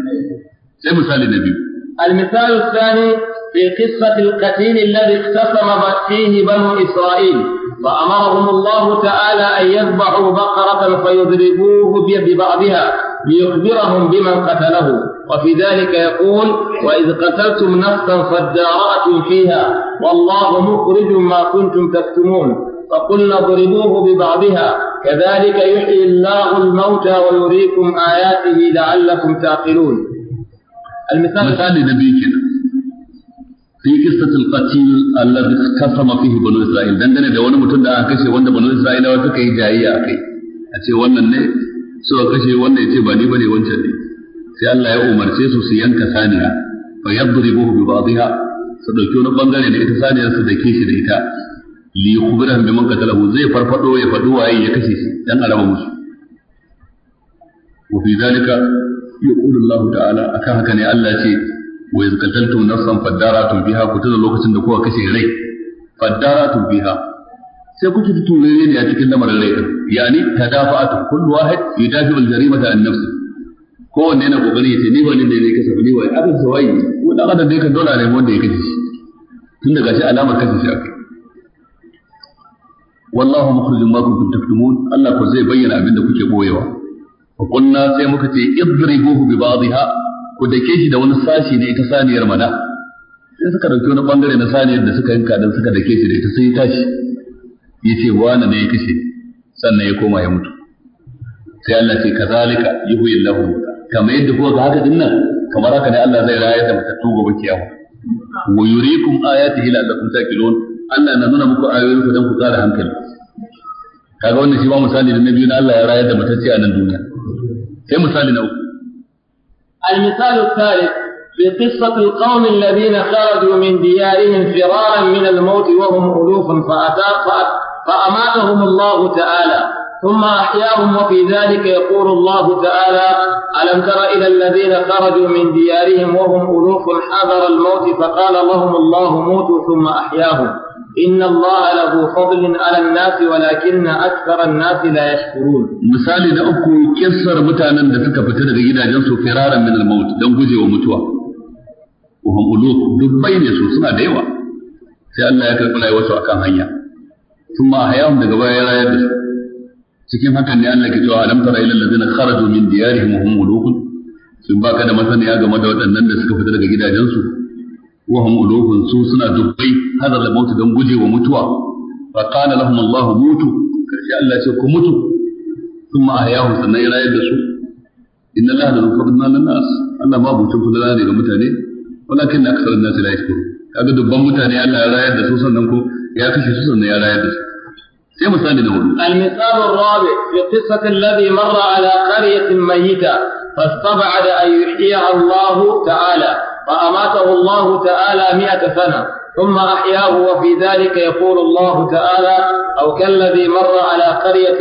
sai misali na biyu المثال الثاني في قصة القتيل الذي اختصم فيه بنو إسرائيل فأمرهم الله تعالى أن يذبحوا بقرة فيضربوه ببعضها ليخبرهم بمن قتله وفي ذلك يقول وإذ قتلتم نفسا فادارأتم فيها والله مخرج ما كنتم تكتمون فقلنا اضربوه ببعضها كذلك يحيي الله الموتى ويريكم آياته لعلكم تعقلون المثال مثال النبي كده fi qistatil Allah alladhi kasa mafi banu isra'il dangane da wani mutum da aka kashe wanda banu isra'ilawa suka yi jayayya akai a ce wannan ne a kashe wanda ya ce ba ni bane wancan ne sai Allah ya umarce su su yanka saniya fa yadribuhu bi ba'dihha su dauki wani bangare da ita saniyar su ke shi da ita li yukhbirahum biman qatalahu zai farfaɗo ya fadu waye ya kashe musu wa iz qataltum nafsan faddaratun biha ku tuna lokacin da kuka kashe rai faddaratun biha sai kuke ta tunure ne a cikin lamarin rai din yani tadafa'atun kullu wahid yudafi'u al-jarimata an Ko wanne yana kokarin ya ce ni wani ne ne kasa ni wai abin sawai ko dan adam dai kan dole ne wanda ya kashe shi tun daga shi alamar kashe shi akai wallahu mukhrijum ma kuntum taktumun Allah ko zai bayyana abin da kuke boyewa wa qulna sai muka ce idribuhu bi ba'dihha ku dake shi da wani sashi ne ta saniyar mana sai suka dauki wani bangare na saniyar da suka yanka dan suka dake shi da ita sai ya tashi yace wani ne ya kashe sannan ya koma ya mutu sai Allah ce kazalika yuhu illahu kamar yadda kuka ga haka dinnan kamar haka ne Allah zai rayar da matattu gobe kiyama wa yuriikum ayatihi la'allakum takilun Allah na nuna muku ayoyin ku dan ku kara hankali kaga wannan shi ba misali da na biyu na Allah ya rayar da matacce a nan duniya sai misali na uku المثال الثالث في قصة القوم الذين خرجوا من ديارهم فرارا من الموت وهم ألوف فأماتهم الله تعالى ثم أحياهم وفي ذلك يقول الله تعالى ألم تر إلى الذين خرجوا من ديارهم وهم ألوف حذر الموت فقال لهم الله موتوا ثم أحياهم إن الله له فضل على الناس ولكن أكثر الناس لا يشكرون مثالي da uku kissar mutanen da suka fita daga gidajen su firaran min al-maut dan gujewa mutuwa uhum uluf dubbai ne su suna da yawa sai Allah ya karɓi rayuwarsu akan hanya sun ma hayahum daga baya ya rayar da su cikin hakan ne Allah ke cewa alam tara ila allazina kharaju min diyarihim hum uluf sun baka da masaniya game da waɗannan da suka fita daga gidajen su wa hum ulufun su suna dubbai hadar da mautu don gujewa mutuwa fa qala lahum Allah mutu karshe Allah ce ku mutu thumma ahyahu sannan ya rayar da su inna Allah la yufaddina lin nas Allah ba mutum fadala ne ga mutane walakin aksarun nas la yashkuru kaga dubban mutane Allah ya rayar da su sannan ya kashe su sannan ya rayar da su sai misali na hudu al fi ta'ala فأماته الله تعالى مئة سنة ثم أحياه وفي ذلك يقول الله تعالى أو كالذي مر على قرية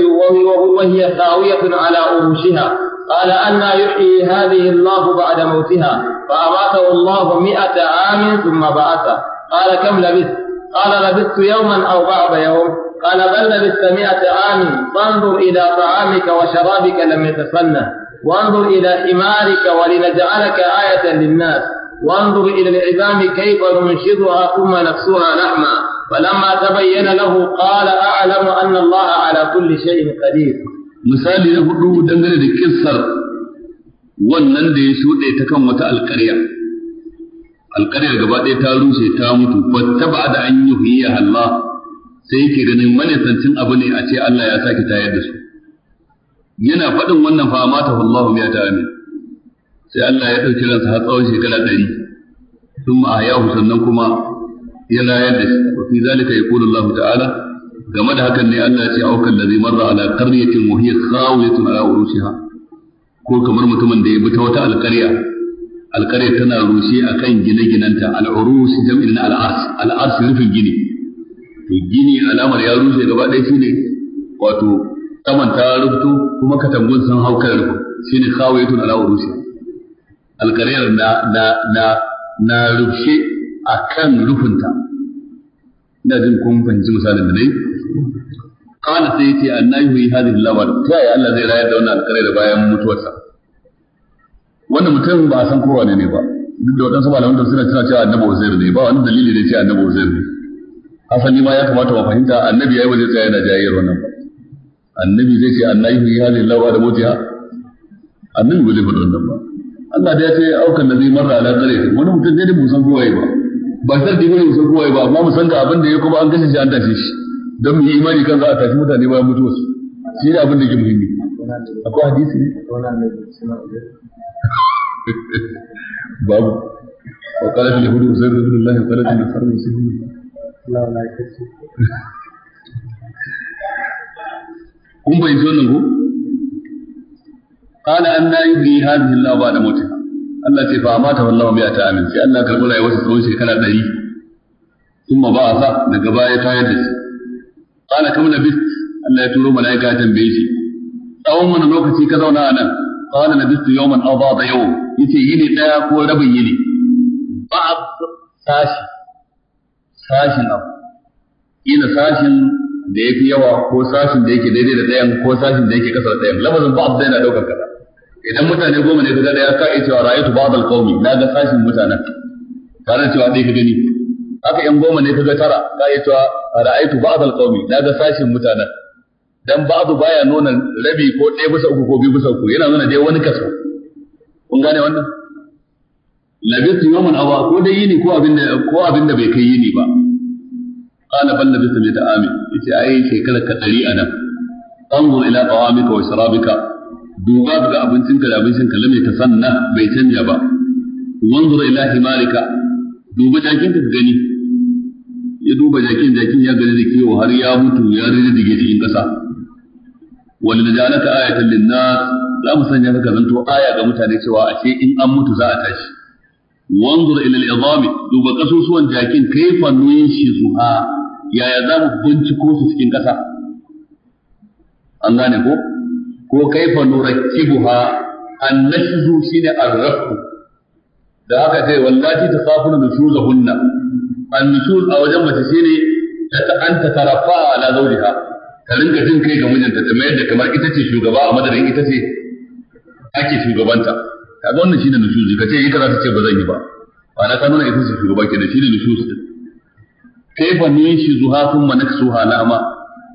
وهي خاوية على عروشها قال أنا يحيي هذه الله بعد موتها فأماته الله مئة عام ثم بعثه قال كم لبثت قال لبثت يوما أو بعض يوم قال بل لبثت مئة عام فانظر إلى طعامك وشرابك لم يتسنه وانظر إلى حمارك ولنجعلك آية للناس وانظر إلى العظام كيف ننشدها ثم نكسوها لحما فلما تبين له قال أعلم أن الله على كل شيء قدير misali na hudu dangane da kissar wannan da ya shuɗe ta kan wata alƙarya alƙaryar gaba ɗaya ta rushe ta mutu wata ba da an yi huyiya Allah sai yake ganin manisancin abu ne a ce Allah ya sake tayar da su yana faɗin wannan fa mata Allah ya ta amin sai Allah ya ɗauki ransa har tsawon shekara ɗari sun ma ya sannan kuma ya layar da shi wa fi zalika yaqulu Allah ta'ala game da hakan ne Allah ya ce aukan ladhi marra ala qaryatin wa hiya khawiyatun ala urushiha ko kamar mutumin da ya bi ta wata alƙarya alƙarya tana rushe akan gine-ginanta al'urus jam'in na al'ars al'ars rufin gini to gini alamar ya rushe gaba ɗaya shine wato saman ta rubutu kuma katangun sun hau kan rufin shine khawiyatun ala urushiha alkariyar na na na na rufe akan rufinta ina jin kun fahimci misalin da nayi kana sai yace annabi yi hadhihi lawar ta ya Allah zai rayar da wannan alkariyar bayan mutuwarsa wannan mutum ba a san kowa ne ne ba duk da waɗansu malaman da suna cewa annabi uzair ne ba wani dalili da ce annabi uzair ne asali ma ya kamata mu fahimta annabi yayi wajen tsaya yana jayyar wannan ba annabi zai ce annabi yi hadhihi lawar da mutiya annabi ba zai faɗi wannan ba Allah da ya ce aukan da zai marra ala kare wani mutum ne da musan kowaye ba ba sai da bai musan kowaye ba amma mu san ga abin da ya kuma an kashe shi an tashi shi don mu yi imani kan za a tashi mutane bayan mutuwa su shi ne abin da ke muhimmi akwai hadisi babu wa qala fil hudu zai rabbil lahi qala fil harbi sibin la la kun bai zo nan ko قال أن يحيي هذه الله بعد موتها Allah ce fa والله wallahu bi ta الله sai Allah karbi rayuwar sa tsawon shekara 100 kuma ba sa daga baya ta yadda shi kana kam labis Allah ya turo malaika ya tambaye shi tsawon wani lokaci ka zauna a nan kana labis yawman aw ba'da yawm yace yini daya ko rabin sashi yawa ko sashin da yake daidai da ɗayan ko sashin da yake kasa da dayan lafazin ba'd yana daukar kaza idan mutane goma ne kaga ya ka cewa ra'aytu ba'd al-qawmi na ga sashin mutanen kana cewa dai ka gani haka yan goma ne kaga tara ka ita cewa ra'aytu ba'd al-qawmi na ga sashin mutanen dan ba'du baya nuna rabi ko ɗaya bisa uku ko biyu bisa uku yana nuna dai wani kaso kun gane wannan labistu yawman awa ko dai yini ko abin da ko abin da bai kai yini ba qala bal labistu li ta'ami yace ai shekara ka dari anan anzur ila qawamika wa sharabika duba ga abincinka da abincin ka lame ta sanna bai canja ba wanzur ila himarika duba jakin ka gani ya duba jakin jakin ya gani da kewa, har ya mutu ya rage dige cikin kasa wal najalaka ayatan linnas za mu sanya ka zanto aya ga mutane cewa ashe in an mutu za a tashi wanzur ila al-idam duba kasusuwan jakin kaifa nuyin shi zuha yaya za mu binciko su cikin kasa an gane ko ko kaifa nurakkibuha annashzu shine arrafu da haka sai wallati ta safuna kafuna nushuzahunna annushuz a wajen mace shine ta an ta tarafa ala zawjiha ta rinka jin kai ga mijinta ta mayar da kamar ita ce shugaba a madadin ita ce ake shugabanta kaga wannan shine ka ce yi za ta ce ba zan yi ba ba na kanuna ita ce shugaba ke da shine nushuz din kaifa nishi zuha thumma naksuha la'ama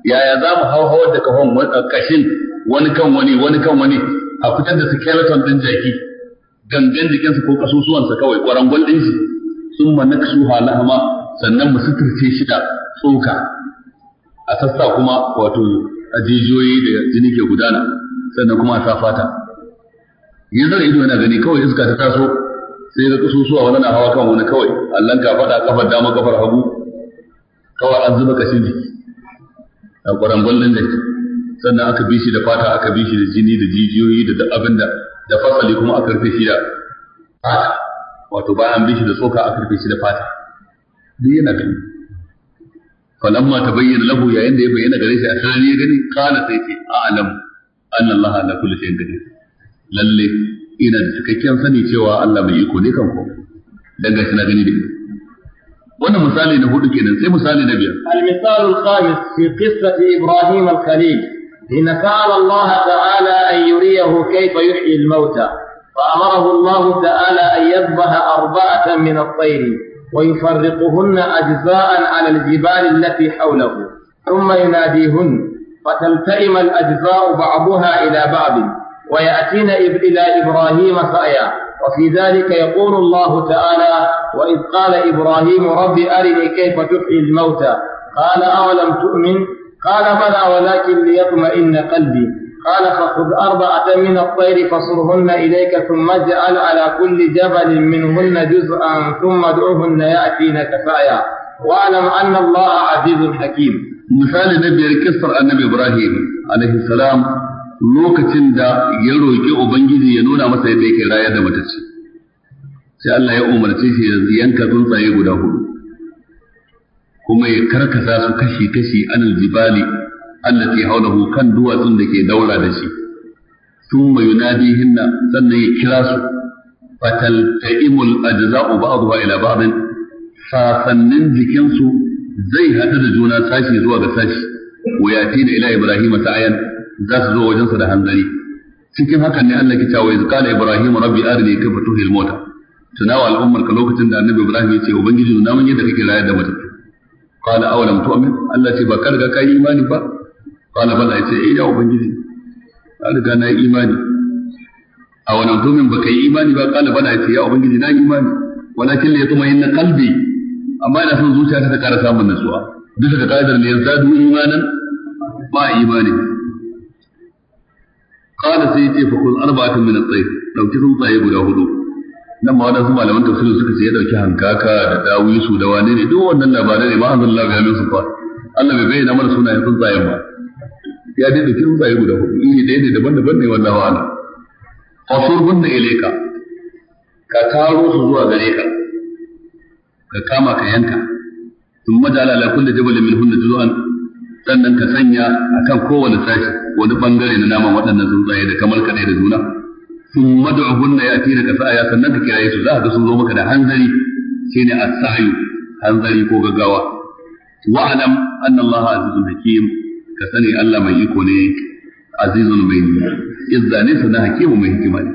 yaya za mu hauhawar da kahon kashin wani kan wani wani kan wani a fitar da skeleton din jaki gangan jikinsa ko kasusuwansa kawai kwarangon din shi sun ma su halama sannan mu suturce shi da tsoka a sassa kuma wato ajijiyoyi da jini ke gudana sannan kuma a sa fata yanzu da ido yana gani kawai iska ta taso sai ga kasusuwa wani na hawa kan wani kawai allan ka faɗa kafar dama kafar hagu kawai an zuba kashin jiki a kwarangon din jiki sannan aka bi shi da fata aka bi shi da jini da jijiyoyi da abin da da fasali kuma aka rufe shi da fata wato bayan an bi shi da tsoka aka rufe shi da fata duk yana gani falamma tabayyana lahu yayin da ya bayyana gare shi a sarari ya gani kana sai ce a'lam anna Allah ala kulli shay'in qadir lalle ina da cikakken sani cewa Allah mai iko ne kan ko dan gashi na gani da ido wannan misali na hudu kenan sai misali na biyar al-misal al-khamis fi qissati ibrahim al-khalil سأل الله تعالى أن يريه كيف يحيي الموتى فأمره الله تعالى أن يذبح أربعة من الطير ويفرقهن أجزاء على الجبال التي حوله ثم يناديهن فتلتئم الأجزاء بعضها إلى بعض ويأتين إلى إبراهيم سعيا وفي ذلك يقول الله تعالى وإذ قال إبراهيم رب أرني كيف تحيي الموتى قال أولم تؤمن قال بلى ولكن ليطمئن قلبي قال فخذ أربعة من الطير فصرهن إليك ثم اجعل على كل جبل منهن جزءا ثم ادعوهن يأتينك سعيا واعلم أن الله عزيز حكيم مثال نبي كسر النبي إبراهيم عليه السلام lokacin da ya roƙi Ubangiji ya nuna masa yadda yake rayar da matacce sai Allah ya umarce shi ya yanka tsuntsaye guda hudu kuma ya karkasa su kashi-kashi anil jibali allati haulahu kan duwatsun da ke daura da shi thumma na, sannan ya kira su fataltaimul ajza'u ba'dha ila ba'd sasannin jikinsu zai hadu da juna sashi zuwa ga sashi wa yatina ila ibrahima sa'yan za su zo wajensa da hanzari cikin hakan ne Allah ke cewa iz qala ibrahim rabbi arini kayfa tuhil mota tunawa al'ummar ka lokacin da annabi ibrahim ya ce ubangiji nuna mun yadda kake rayar da mutum qala aw lam tu'min Allah ce ba ka riga ka yi imani ba qala bala ya ce eh ya ubangiji na riga na yi imani a wannan tu'min ba kai imani ba qala bala ya ce ya ubangiji na yi imani wana ya walakin yin na qalbi amma yana son zuciya ta ƙara samun nutsuwa bisa ga ka'idar li yazadu imanan ba imani qala sai ya ce fa kun arba'atun min at-tayr dauki tsuntsaye guda hudu nan ma wadansu malaman tafsirin suka ce ya dauki hankaka da su da wane ne duk wannan labarai ne ba an zalla ga Musu fa Allah bai bayyana mana yin tsuntsayen ba ya dai dauki tsuntsaye guda hudu ne dai ne daban-daban ne wannan wa'ala fasurhunna ileka ka taro su zuwa gare ka ka kama ka yanka sun majala ala kulle jabalin min hunna juz'an sannan ka sanya akan kowane sashi wani bangare na naman waɗannan tsuntsaye da kamar kaɗai da juna sun mad'uhunna yatina ya sa'aya sannan ka kiraye su za ka sun zo maka da hanzari shine as-sa'yu hanzari ko gaggawa wa alam anna Allah azizun hakim ka sani Allah mai iko ne azizun mai izza ne sannan hakimu mai hikima ne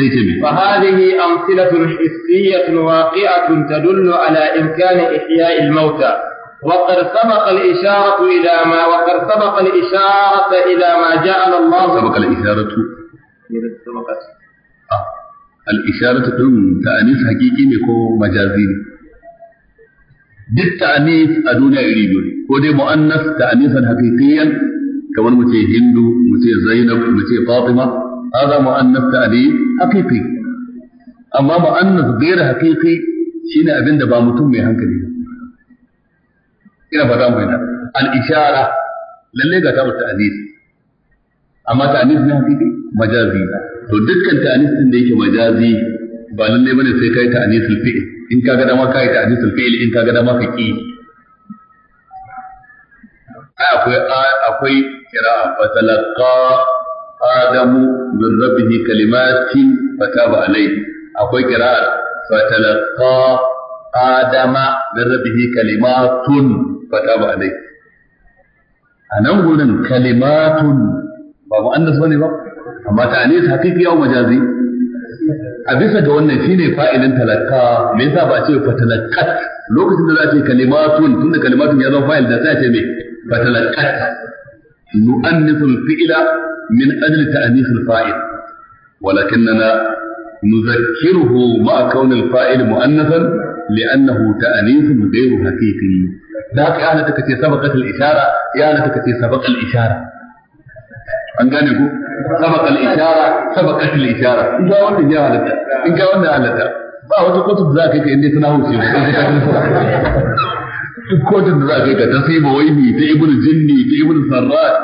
فهذه أمثلة حسية واقعة تدل على إمكان إحياء الموتى وقد سبق الإشارة إلى ما وقد سبق الإشارة إلى ما جعل الله سبق الإشارة wurin zama kasu ne ko majazi ne duk ta'anif a duniya iri biyu ne ko dai mu'annas ta'anifan haqiqiyan kamar mu ce hindu mu ce zainab mu ce fatima hada mu'annas ta'anif haqiqi amma mu'annas ghayr haqiqi shine abin da ba mutum mai hankali ba ina ba mu amma majazi to dukkan ta'anisin da yake majazi ba lalle bane sai kai ta'anisul fi'l in ka ga dama kai ta'anisul fi'l in ka ga dama ka ki akwai akwai kira talaqa adamu min rabbihi kalimatin taba alai akwai kira talaqa adama min rabbihi kalimatun fataba alayhi a nan gurin kalimatun ba mu'annas bane ba amma ta'anis haqiqi aw majazi a bisa ga wannan shine fa'ilin talakka me yasa ba a ce fatalakkat lokacin da za a ce kalimatun tunda kalimatun ya zama fa'il da sai a ce me fatalakkat nu'annisu al min ajli ta'anis al-fa'il ولكننا نذكره مع كون الفاعل مؤنثا لأنه تأنيث غير حقيقي ذاك أنا تكتي سبقت الإشارة يا أنا تكتي سبق الإشارة عندك سبق الإشارة سبقت الإشارة إن جاء وانا جاء لك إن جاء وانا لك ما هو تقول تذاكك إني تناوسي تقول تذاكك تصيب ويني تعب الجني تعب الفرات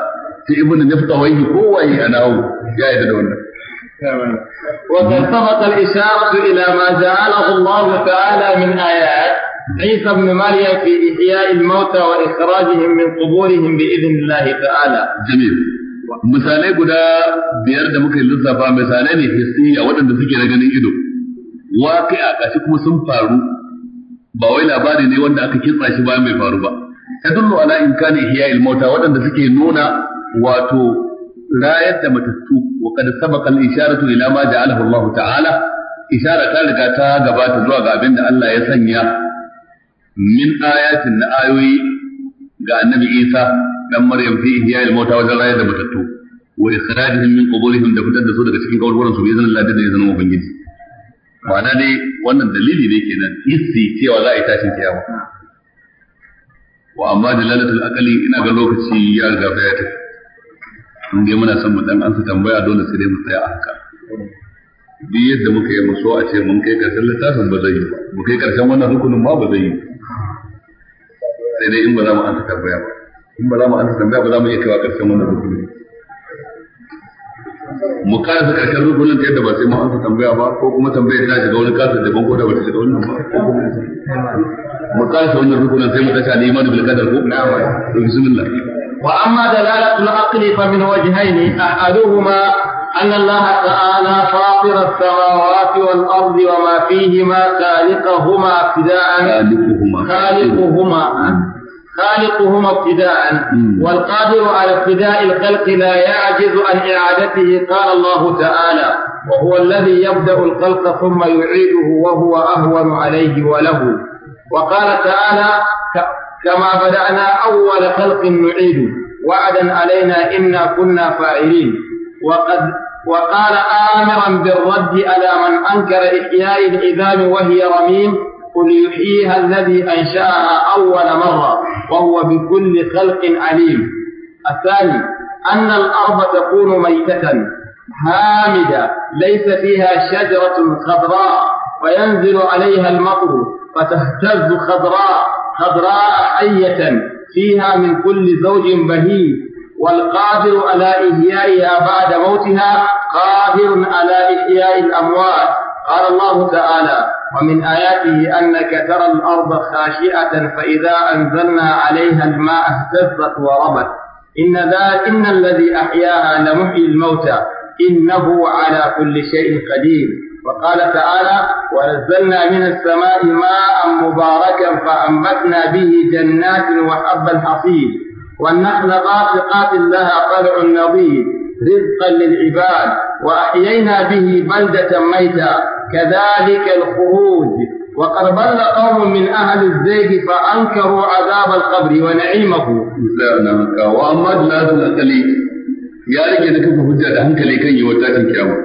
تعب النفط ويني هو أي أنا هو يا إذن وقد سبق الإشارة إلى ما جعله الله تعالى من آيات عيسى بن مريم في إحياء الموتى وإخراجهم من قبورهم بإذن الله تعالى جميل misalai guda biyar da muka yi lissafa misalai ne hissiya waɗanda suke na ganin ido kai a ƙashi kuma sun faru ba wai labari ne wanda aka kitsa shi bayan bai faru ba Ta tadullu ala ne ihya mauta waɗanda suke nuna wato rayar da matattu wa kada sabaqa al-isharatu ila ma ja'alahu Allah ta'ala ishara ta riga ta gabata zuwa ga abin da Allah ya sanya min ayatin na ayoyi ga annabi Isa dan maryam fi ihya al mauta wajen rayar da matattu wa ikhrajihim min quburihim da fitar da su daga cikin kaburburan su bi Allah da izinin ubangiji ma'ana dai wannan dalili ne kenan hissi cewa za a yi tashin kiyama wa amma dalalatul aqli ina ga lokaci ya riga ya tafi in dai muna son mu dan su tambaya dole sai dai mu tsaya a haka duk yadda muka yi maso a ce mun kai karshen littafin ba zai yi ba mu kai karshen wannan rukunin ma ba zai yi sai dai in ba za mu ansa tambaya ba in ba za mu ansa tambaya ba za mu iya kaiwa karshen wannan rukuni mu karasa karshen rukunin yadda ba sai mu ansa tambaya ba ko kuma tambayar ta shiga wani kasar da ko da ba shiga wannan ba mu karasa wannan rukunin sai mu tashi al-iman bil qadar ko na'am bismillah wa amma dalalatul aqli fa min wajhayn ahaduhuma أن الله تعالى فاطر السماوات والأرض وما فيهما خالقهما ابتداء خالقهما خالقهما ابتداء والقادر على ابتداء الخلق لا يعجز عن إعادته قال الله تعالى وهو الذي يبدأ الخلق ثم يعيده وهو أهون عليه وله وقال تعالى كما بدأنا أول خلق نعيده وعدا علينا إنا كنا فاعلين وقد وقال آمرا بالرد على من أنكر إحياء العظام وهي رميم قل يحييها الذي أنشأها أول مرة وهو بكل خلق عليم الثاني أن الأرض تكون ميتة هامدة ليس فيها شجرة خضراء وينزل عليها المطر فتهتز خضراء خضراء حية فيها من كل زوج بهيج والقادر على إحيائها بعد موتها قادر على إحياء الأموات قال الله تعالى ومن آياته أنك ترى الأرض خاشئة فإذا أنزلنا عليها الماء اهتزت وربت إن ذا إن الذي أحياها لمحيي الموتى إنه على كل شيء قدير وقال تعالى ونزلنا من السماء ماء مباركا فأنبتنا به جنات وحب الحصيد والنخل باسقات لها طلع نضيد رزقا للعباد وأحيينا به بلدة ميتا كذلك الخروج وقد ضل قوم من أهل الزيد فأنكروا عذاب القبر ونعيمه وأما الناس الأسلي يا لك إذا كنت حجة أنك لك يوتاك الكيامة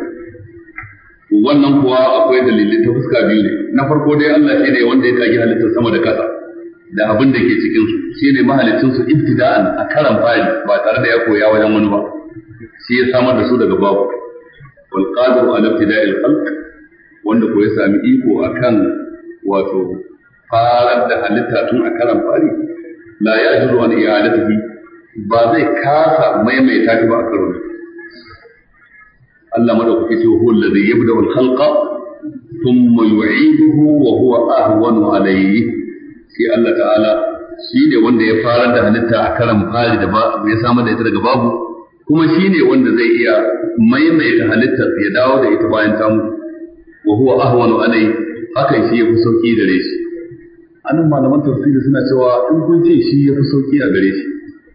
wannan kuwa akwai dalilin ta fuska biyu ne na farko dai Allah shi ne wanda ya kaji halittar sama da kasa da abin da ke cikin su shi ne mahalicin su ibtida'an a karan fari ba tare da ya koya wajen wani ba shi ya samar da su daga babu wal qadiru ala ibtida'il khalq wanda ko ya sami iko a kan wato farar da halitta tun a karan fari la ya jiru an i'alatihi ba zai kasa maimaita shi ba a karo Allah madaukaki ce huwa alladhi yabda al khalqa thumma yu'iduhu wa huwa ahwanu alayhi sai Allah ta'ala shi ne wanda ya fara da halitta a karan fari da ba ya samar da ita daga babu kuma shi ne wanda zai iya maimaita halittar ya dawo da ita bayan ta mutu wa huwa ahwanu alai haka shi yafi sauki gare shi anan malaman tafsiri suna cewa in kun ce shi yafi sauki a gare shi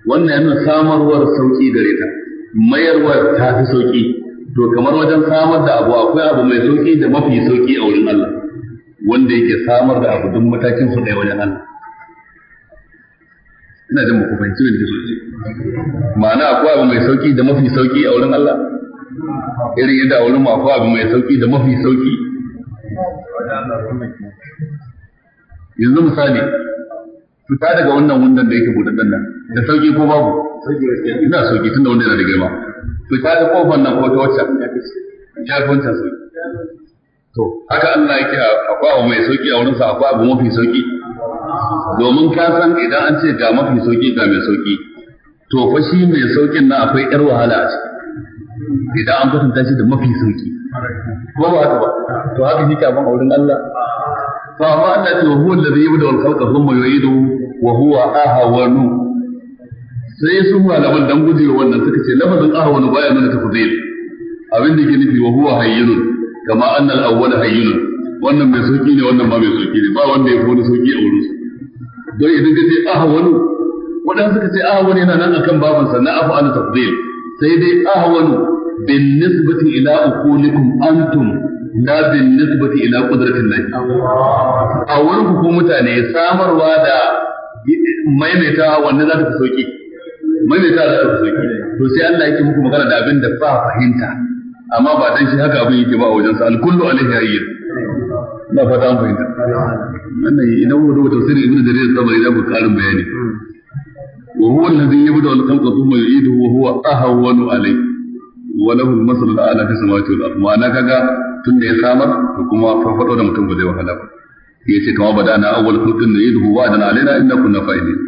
wannan yana samarwar sauki gare ta mayarwar ta fi sauki to kamar wajen samar da abu akwai abu mai sauki da mafi sauki a wurin Allah wanda yake samar da abu duk matakin su ɗaya wajen Allah ina jin mu fahimci ne sosai ma'ana akwai abu mai sauki da mafi sauki a wurin Allah irin yadda a wurin akwai abu mai sauki da mafi sauki yanzu misali fita daga wannan wundan da yake budaddan nan da sauki ko babu ina sauki tunda wanda yana da girma fita da kofar nan ko ta wacce ya fi wancan sauki to haka Allah yake akwai abu mai sauki a wurinsa akwai abu mafi sauki domin ka san idan an ce ga mafi sauki ga mai sauki to fa shi mai saukin nan akwai yar wahala a ciki sai an kwatanta shi da mafi sauki ko ba haka ba to haka shi kafin a wurin Allah to amma Allah ce huwa allazi yabda wal khalqa thumma yu'idu wa huwa ahwanu sai su malaman dan gujewa wannan suka ce lafazin ahwanu baya nuna tafdil abin da ke nufi wa huwa hayyinun kama anna al awwal hayyinun wannan mai sauki ne wannan ba mai sauki ne ba wanda ya fi wani sauki a wurin don idan ka ce ahwanu wadanda suka ce ahwanu yana nan akan babansa na afu an tafdil sai dai ahwanu bin nisbati ila ukulikum antum la bin nisbati ila qudratin Allah a wurin ku mutane samarwa da maimaita wanda za ta fi sauki maimaita za ta fi sauki to sai Allah yake muku magana da abin da ba fahimta amma ba dan shi haka abin yake ba wajen sa, alkullu alaihi hayyin na fata an fahimta wannan idan wato tafsirin sirri ibnu jarir sabari da ku karin bayani وهو الذي يبدأ الخلق ثم يعيده وهو أهون عليه وله المثل الأعلى في السماوات والأرض ma'ana kaga tun ya samar da kuma farfado da mutum ba zai wahala ba ya ce kama bada na awwal khalqin da yadhu wa adana alaina inna kunna fa'ilin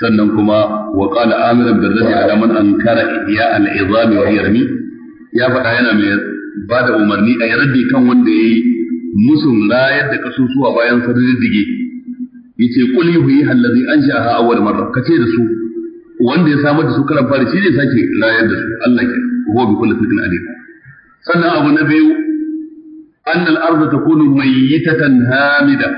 sannan kuma wa qala amira bil rajul ala ankara ya al wa yarmi ya faɗa yana mai ba da umarni a yarda kan wanda yayi musun da kasusuwa bayan sarriddige yace qul yuhyiha allazi ansha'aha awwal marra kace da su wanda ya samar da su karan fari shi ne sake rayar da su Allah ke huwa bi kulli shay'in alim sannan abu na biyu anna al-ardh takunu mayyitatan hamida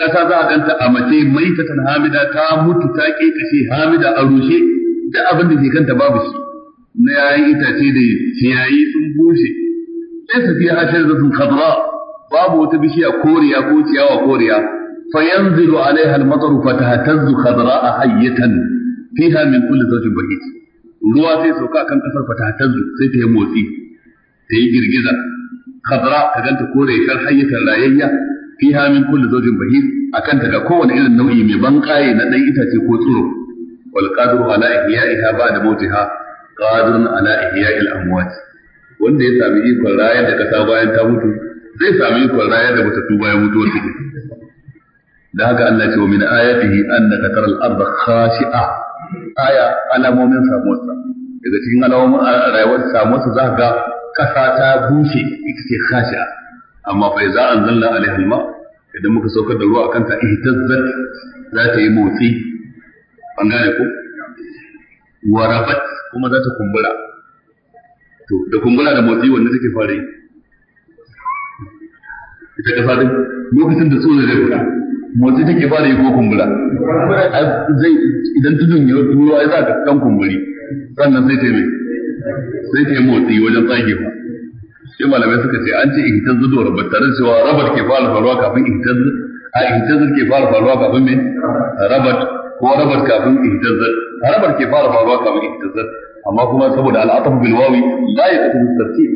kasa za a ganta a mace maitatan hamida ta mutu ta kekashe hamida a rushe da abin da ke kanta babu shi na yayin itace da ciyayi sun bushe sai su fiye ashirin da sun babu wata bishiya koriya ko ciyawa koriya فينزل عليها المطر فتهتز خضراء حية فيها من كل زوج بهيج ruwa sai sauka kan kasar fatahtazu sai ta yi motsi ta yi girgiza khadra ta ganta kore kar hayyatan rayayya fiha min kulli zawjin bahir akan ta ga kowane irin nau'i mai bankaye na dan itace ko tsiro wal qadru ala ihya'iha ba'da mautiha qadirun ala ihya'il amwat wanda ya sami ikon rayar da kasa bayan ta mutu zai sami ikon rayar da matattu bayan mutuwar su da haka Allah ce wa min ayatihi annaka taral arda khashi'a aya alamomin samuwarsa daga cikin alamomin rayuwar samuwarsa za ka ga kasa ta bushe ita ce khashi'a amma fa idza anzalna alaiha alma idan muka saukar da ruwa akan ta ihtazzat za ta yi motsi an gane ko warabat kuma za ta kumbura to da kumbura da motsi wanda take fara yi ita kasa duk lokacin da tsoro zai fita motsi take fara yi ko kumbura zai idan tudun ya turo ai za ka kan kumburi sannan sai ta yi sai ta motsi wajen tsagewa sai malamai suka ce an ce ta da rabar tare cewa rabar ke fara faruwa kafin ihtiz a ihtiz ke fara faruwa kafin mai Rabar. ko rabar kafin ihtiz rabar ke fara faruwa kafin ihtiz amma kuma saboda al'atafu bil wawi la yaqtu tartib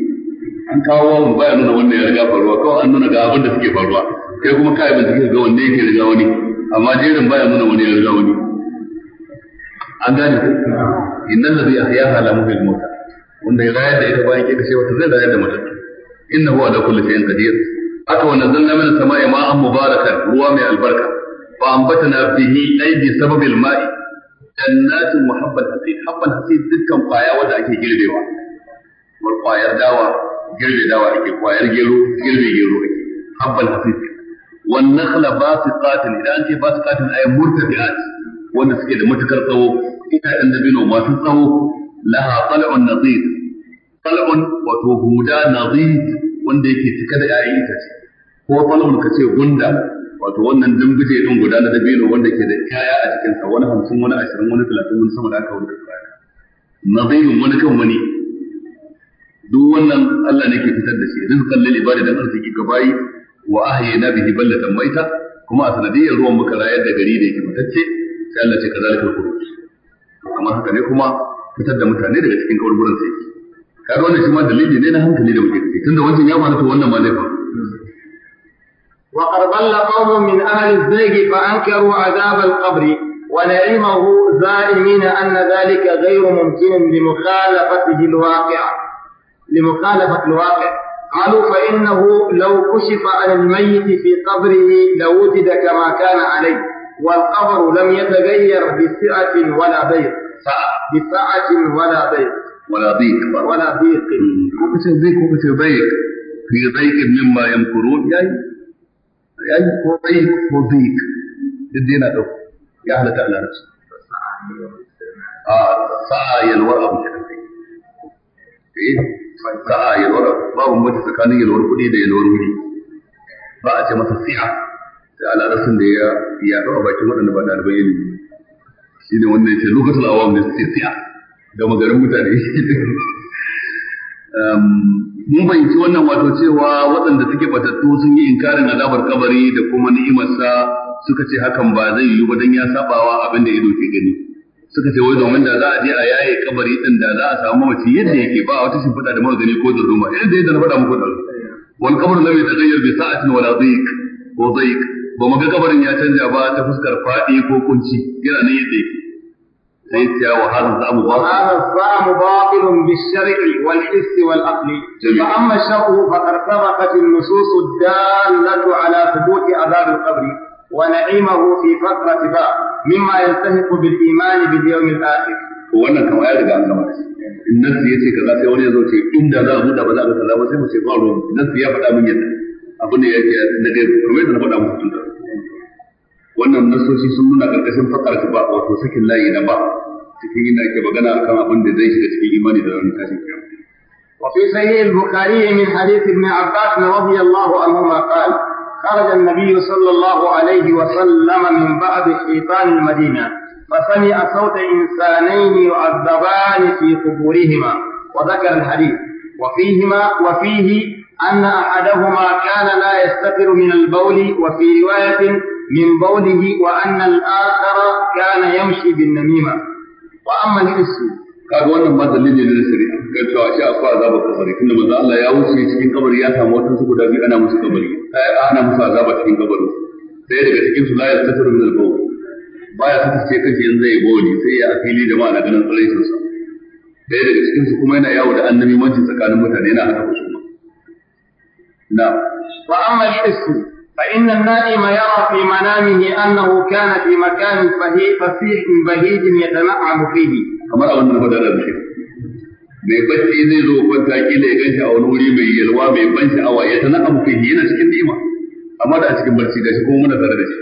an kawo ba ya nuna wanda ya riga faruwa kawai an nuna ga abin da suke faruwa kai kuma kai ba take ga wanda yake riga wani amma jerin baya muna wani ya riga wani an gane ku ya haya hala mu bil mota wanda ya rayar da ita bayan kika sai wata zai rayar da inna huwa da kulli shay'in qadir aka wannan nazzalna min samai ma'an mubarakan ruwa mai albarka fa ambatana bihi ay bi sababil ma'i jannatu wa habbal hasid habbal dukkan kwaya wanda ake girbewa kwayar dawa girbe dawa ake kwayar gero girbe gero ake habbal wan nakhla basiqatin idan an ce basiqatin ay murtafi'at wanda suke da matukar tsawo ita dan dabino masu tsawo laha tal'un nadid tal'un wato huda nadid wanda yake da ko gunda wato wannan dambije din guda na dabino wanda ke da ƴaƴa a cikin sa wani 50 wani 20 wani 30 wani sama da aka wuce nadidun wani kan wani duk wannan Allah ne ke fitar da shi rizqan lil ibadi dan arziki ga wa ahyayna bihi ballatan maita kuma a sanadiyyar ruwan muka rayar da gari da yake mutacce sai Allah ce kazalika al-khuruj to kamar haka ne kuma fitar da mutane daga cikin kaburburan sai kaga wannan shi ma dalili ne na hankali da muke da tunda wancan ya faru to wannan ma zai faru min وقد ضل قوم من أهل الزيغ فأنكروا عذاب القبر ونعمه زائمين أن ذلك غير ممكن لمخالفته الواقع لمخالفة الواقع قالوا فإنه لو كشف عن الميت في قبره لوجد كما كان عليه والقبر لم يتغير بسعة ولا ضيق بسعة ولا ضيق ولا ضيق ولا ضيق ومثل ضيق ومثل ضيق في ضيق مما يمكرون يعني يعني هو ضيق هو ضيق الدين يا أهل تعالى نفسه آه سعى يلوى أبو إيه ba a yalwar babu mutu tsakanin yalwar kuɗi da yalwar wuri ba a ce masa si'a da al'adasun da ya yaɗu a bakin waɗanda ba ɗaliban ilimi shi ne wanda ya ce lokacin awam ne suke si'a gama garin mutane mun fahimci wannan wato cewa waɗanda suke batattu sun yi inkarin azabar kabari da kuma ni'imarsa suka ce hakan ba zai yiwu ba don ya sabawa abin da ido ke gani suka ce wai domin da za a je a yaye kabari din da za a samu mace yadda yake ba wata shimfiɗa da magani ko da ruma yadda yadda na faɗa muku da wal qabr lam yataghayyar bi sa'atin wala dhayq wa dhayq ba mu ga kabarin ya canja ba ta fuskar faɗi ko kunci yana nan yadda yake sai ta wa hadha za'am ba hadha samu batil bi shar'i wal hiss wal aqli fa amma shar'u fa qad sabaqat an-nusus dallatu ala thubuti adhab al-qabr ونعيمه في فترة باء مما يلتحق بالإيمان باليوم الآخر wannan kama ya riga an gama in nan ya ce kaza sai wani ya zo ce inda za mu da ba za ka kaza ba sai mu ce ba ruwan nan ya faɗa min yadda abu ne yake na gaibu kamar da na faɗa muku tunda wannan nasoshi sun nuna karkashin fakar ba wato sakin layi na ba cikin inda ake magana akan abin da zai shiga cikin imani da ranar tashin kiyama وفي صحيح البخاري من حديث ابن عباس رضي الله عنهما قال خرج النبي صلى الله عليه وسلم من بعد حيطان المدينة فسمع صوت إنسانين يعذبان في قبورهما وذكر الحديث وفيهما وفيه أن أحدهما كان لا يستتر من البول وفي رواية من بوله وأن الآخر كان يمشي بالنميمة وأما الإرس kaga wannan ba dalili ne na shari'a kai cewa shi akwai azaba kabari tunda manzo Allah ya wuce cikin kabari ya samu wata su guda biyu ana musu kabari eh, ana musu azaba cikin kabari sai daga cikin su la yastatiru min zalbo baya saka ce kace yanzu zai bawli sai ya afili da ma'ana ganin tsaraicin sa sai daga cikin su kuma yana yawo da annabi manci tsakanin mutane yana haka su na wa amma shi فإن النائم يرى في منامه أنه كان في مكان فسيح بهيج يتنعم فيه kamar a wannan gudanar da shi mai bacci zai zo kwanta kila ya ganshi a wani wuri mai yalwa mai ban sha'awa ya tana abu kai yana cikin nima amma da a cikin barci da shi kuma muna tare da shi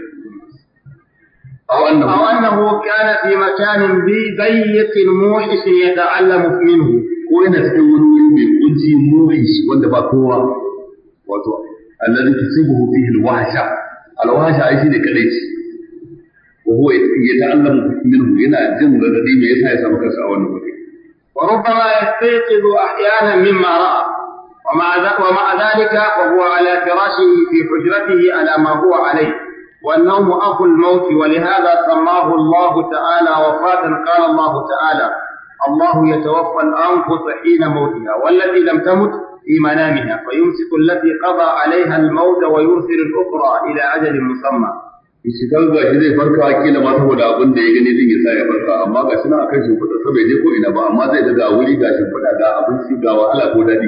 A wannan fi makanin bi zayyatin كان ya ta'allamu minhu Ko yana cikin wani wuri mai kunci muhis wanda ba kowa wato alladhi tusibuhu fihi alwahsha alwahsha ai shine kadai وهو يتألم منه هنا جن رددي ما يسا يسا مكسا وربما يستيقظ أحيانا مما رأى ومع, ومع ذلك وهو على فراشه في حجرته على ما هو عليه والنوم أخو الموت ولهذا سماه الله تعالى وفاة قال الله تعالى الله يتوفى الأنفس حين موتها والتي لم تمت في منامها فيمسك التي قضى عليها الموت ويرسل الأخرى إلى أجل مسمى shigar ga shi zai farka kila ma saboda abin da ya gani din sa ya farka amma ga shi na akan shi fada saboda je ko ina ba amma zai daga wuri ga shi da ga abinci ga wahala ko dadi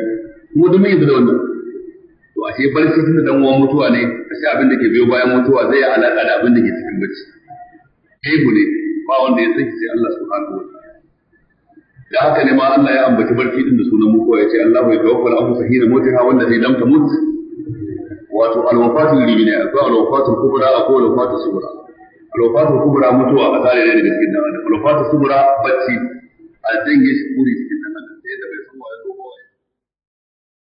kuma duk mai da wannan to ashe barci tun dan uwan mutuwa ne ashe abin da ke biyo bayan mutuwa zai alaka da abin da ke cikin bacci aibu ne ba wanda ya san sai Allah subhanahu wa ta'ala da haka ne ma Allah ya ambaci barci din da sunan mutuwa ce Allah ya hira anfusa hina wanda zai lam mutu? wato alwafatu libina ko alwafatu kubra ko alwafatu sugura alwafatu kubra mutuwa a tare ne gaskiya cikin dan adam bacci a dange shi kuri cikin nan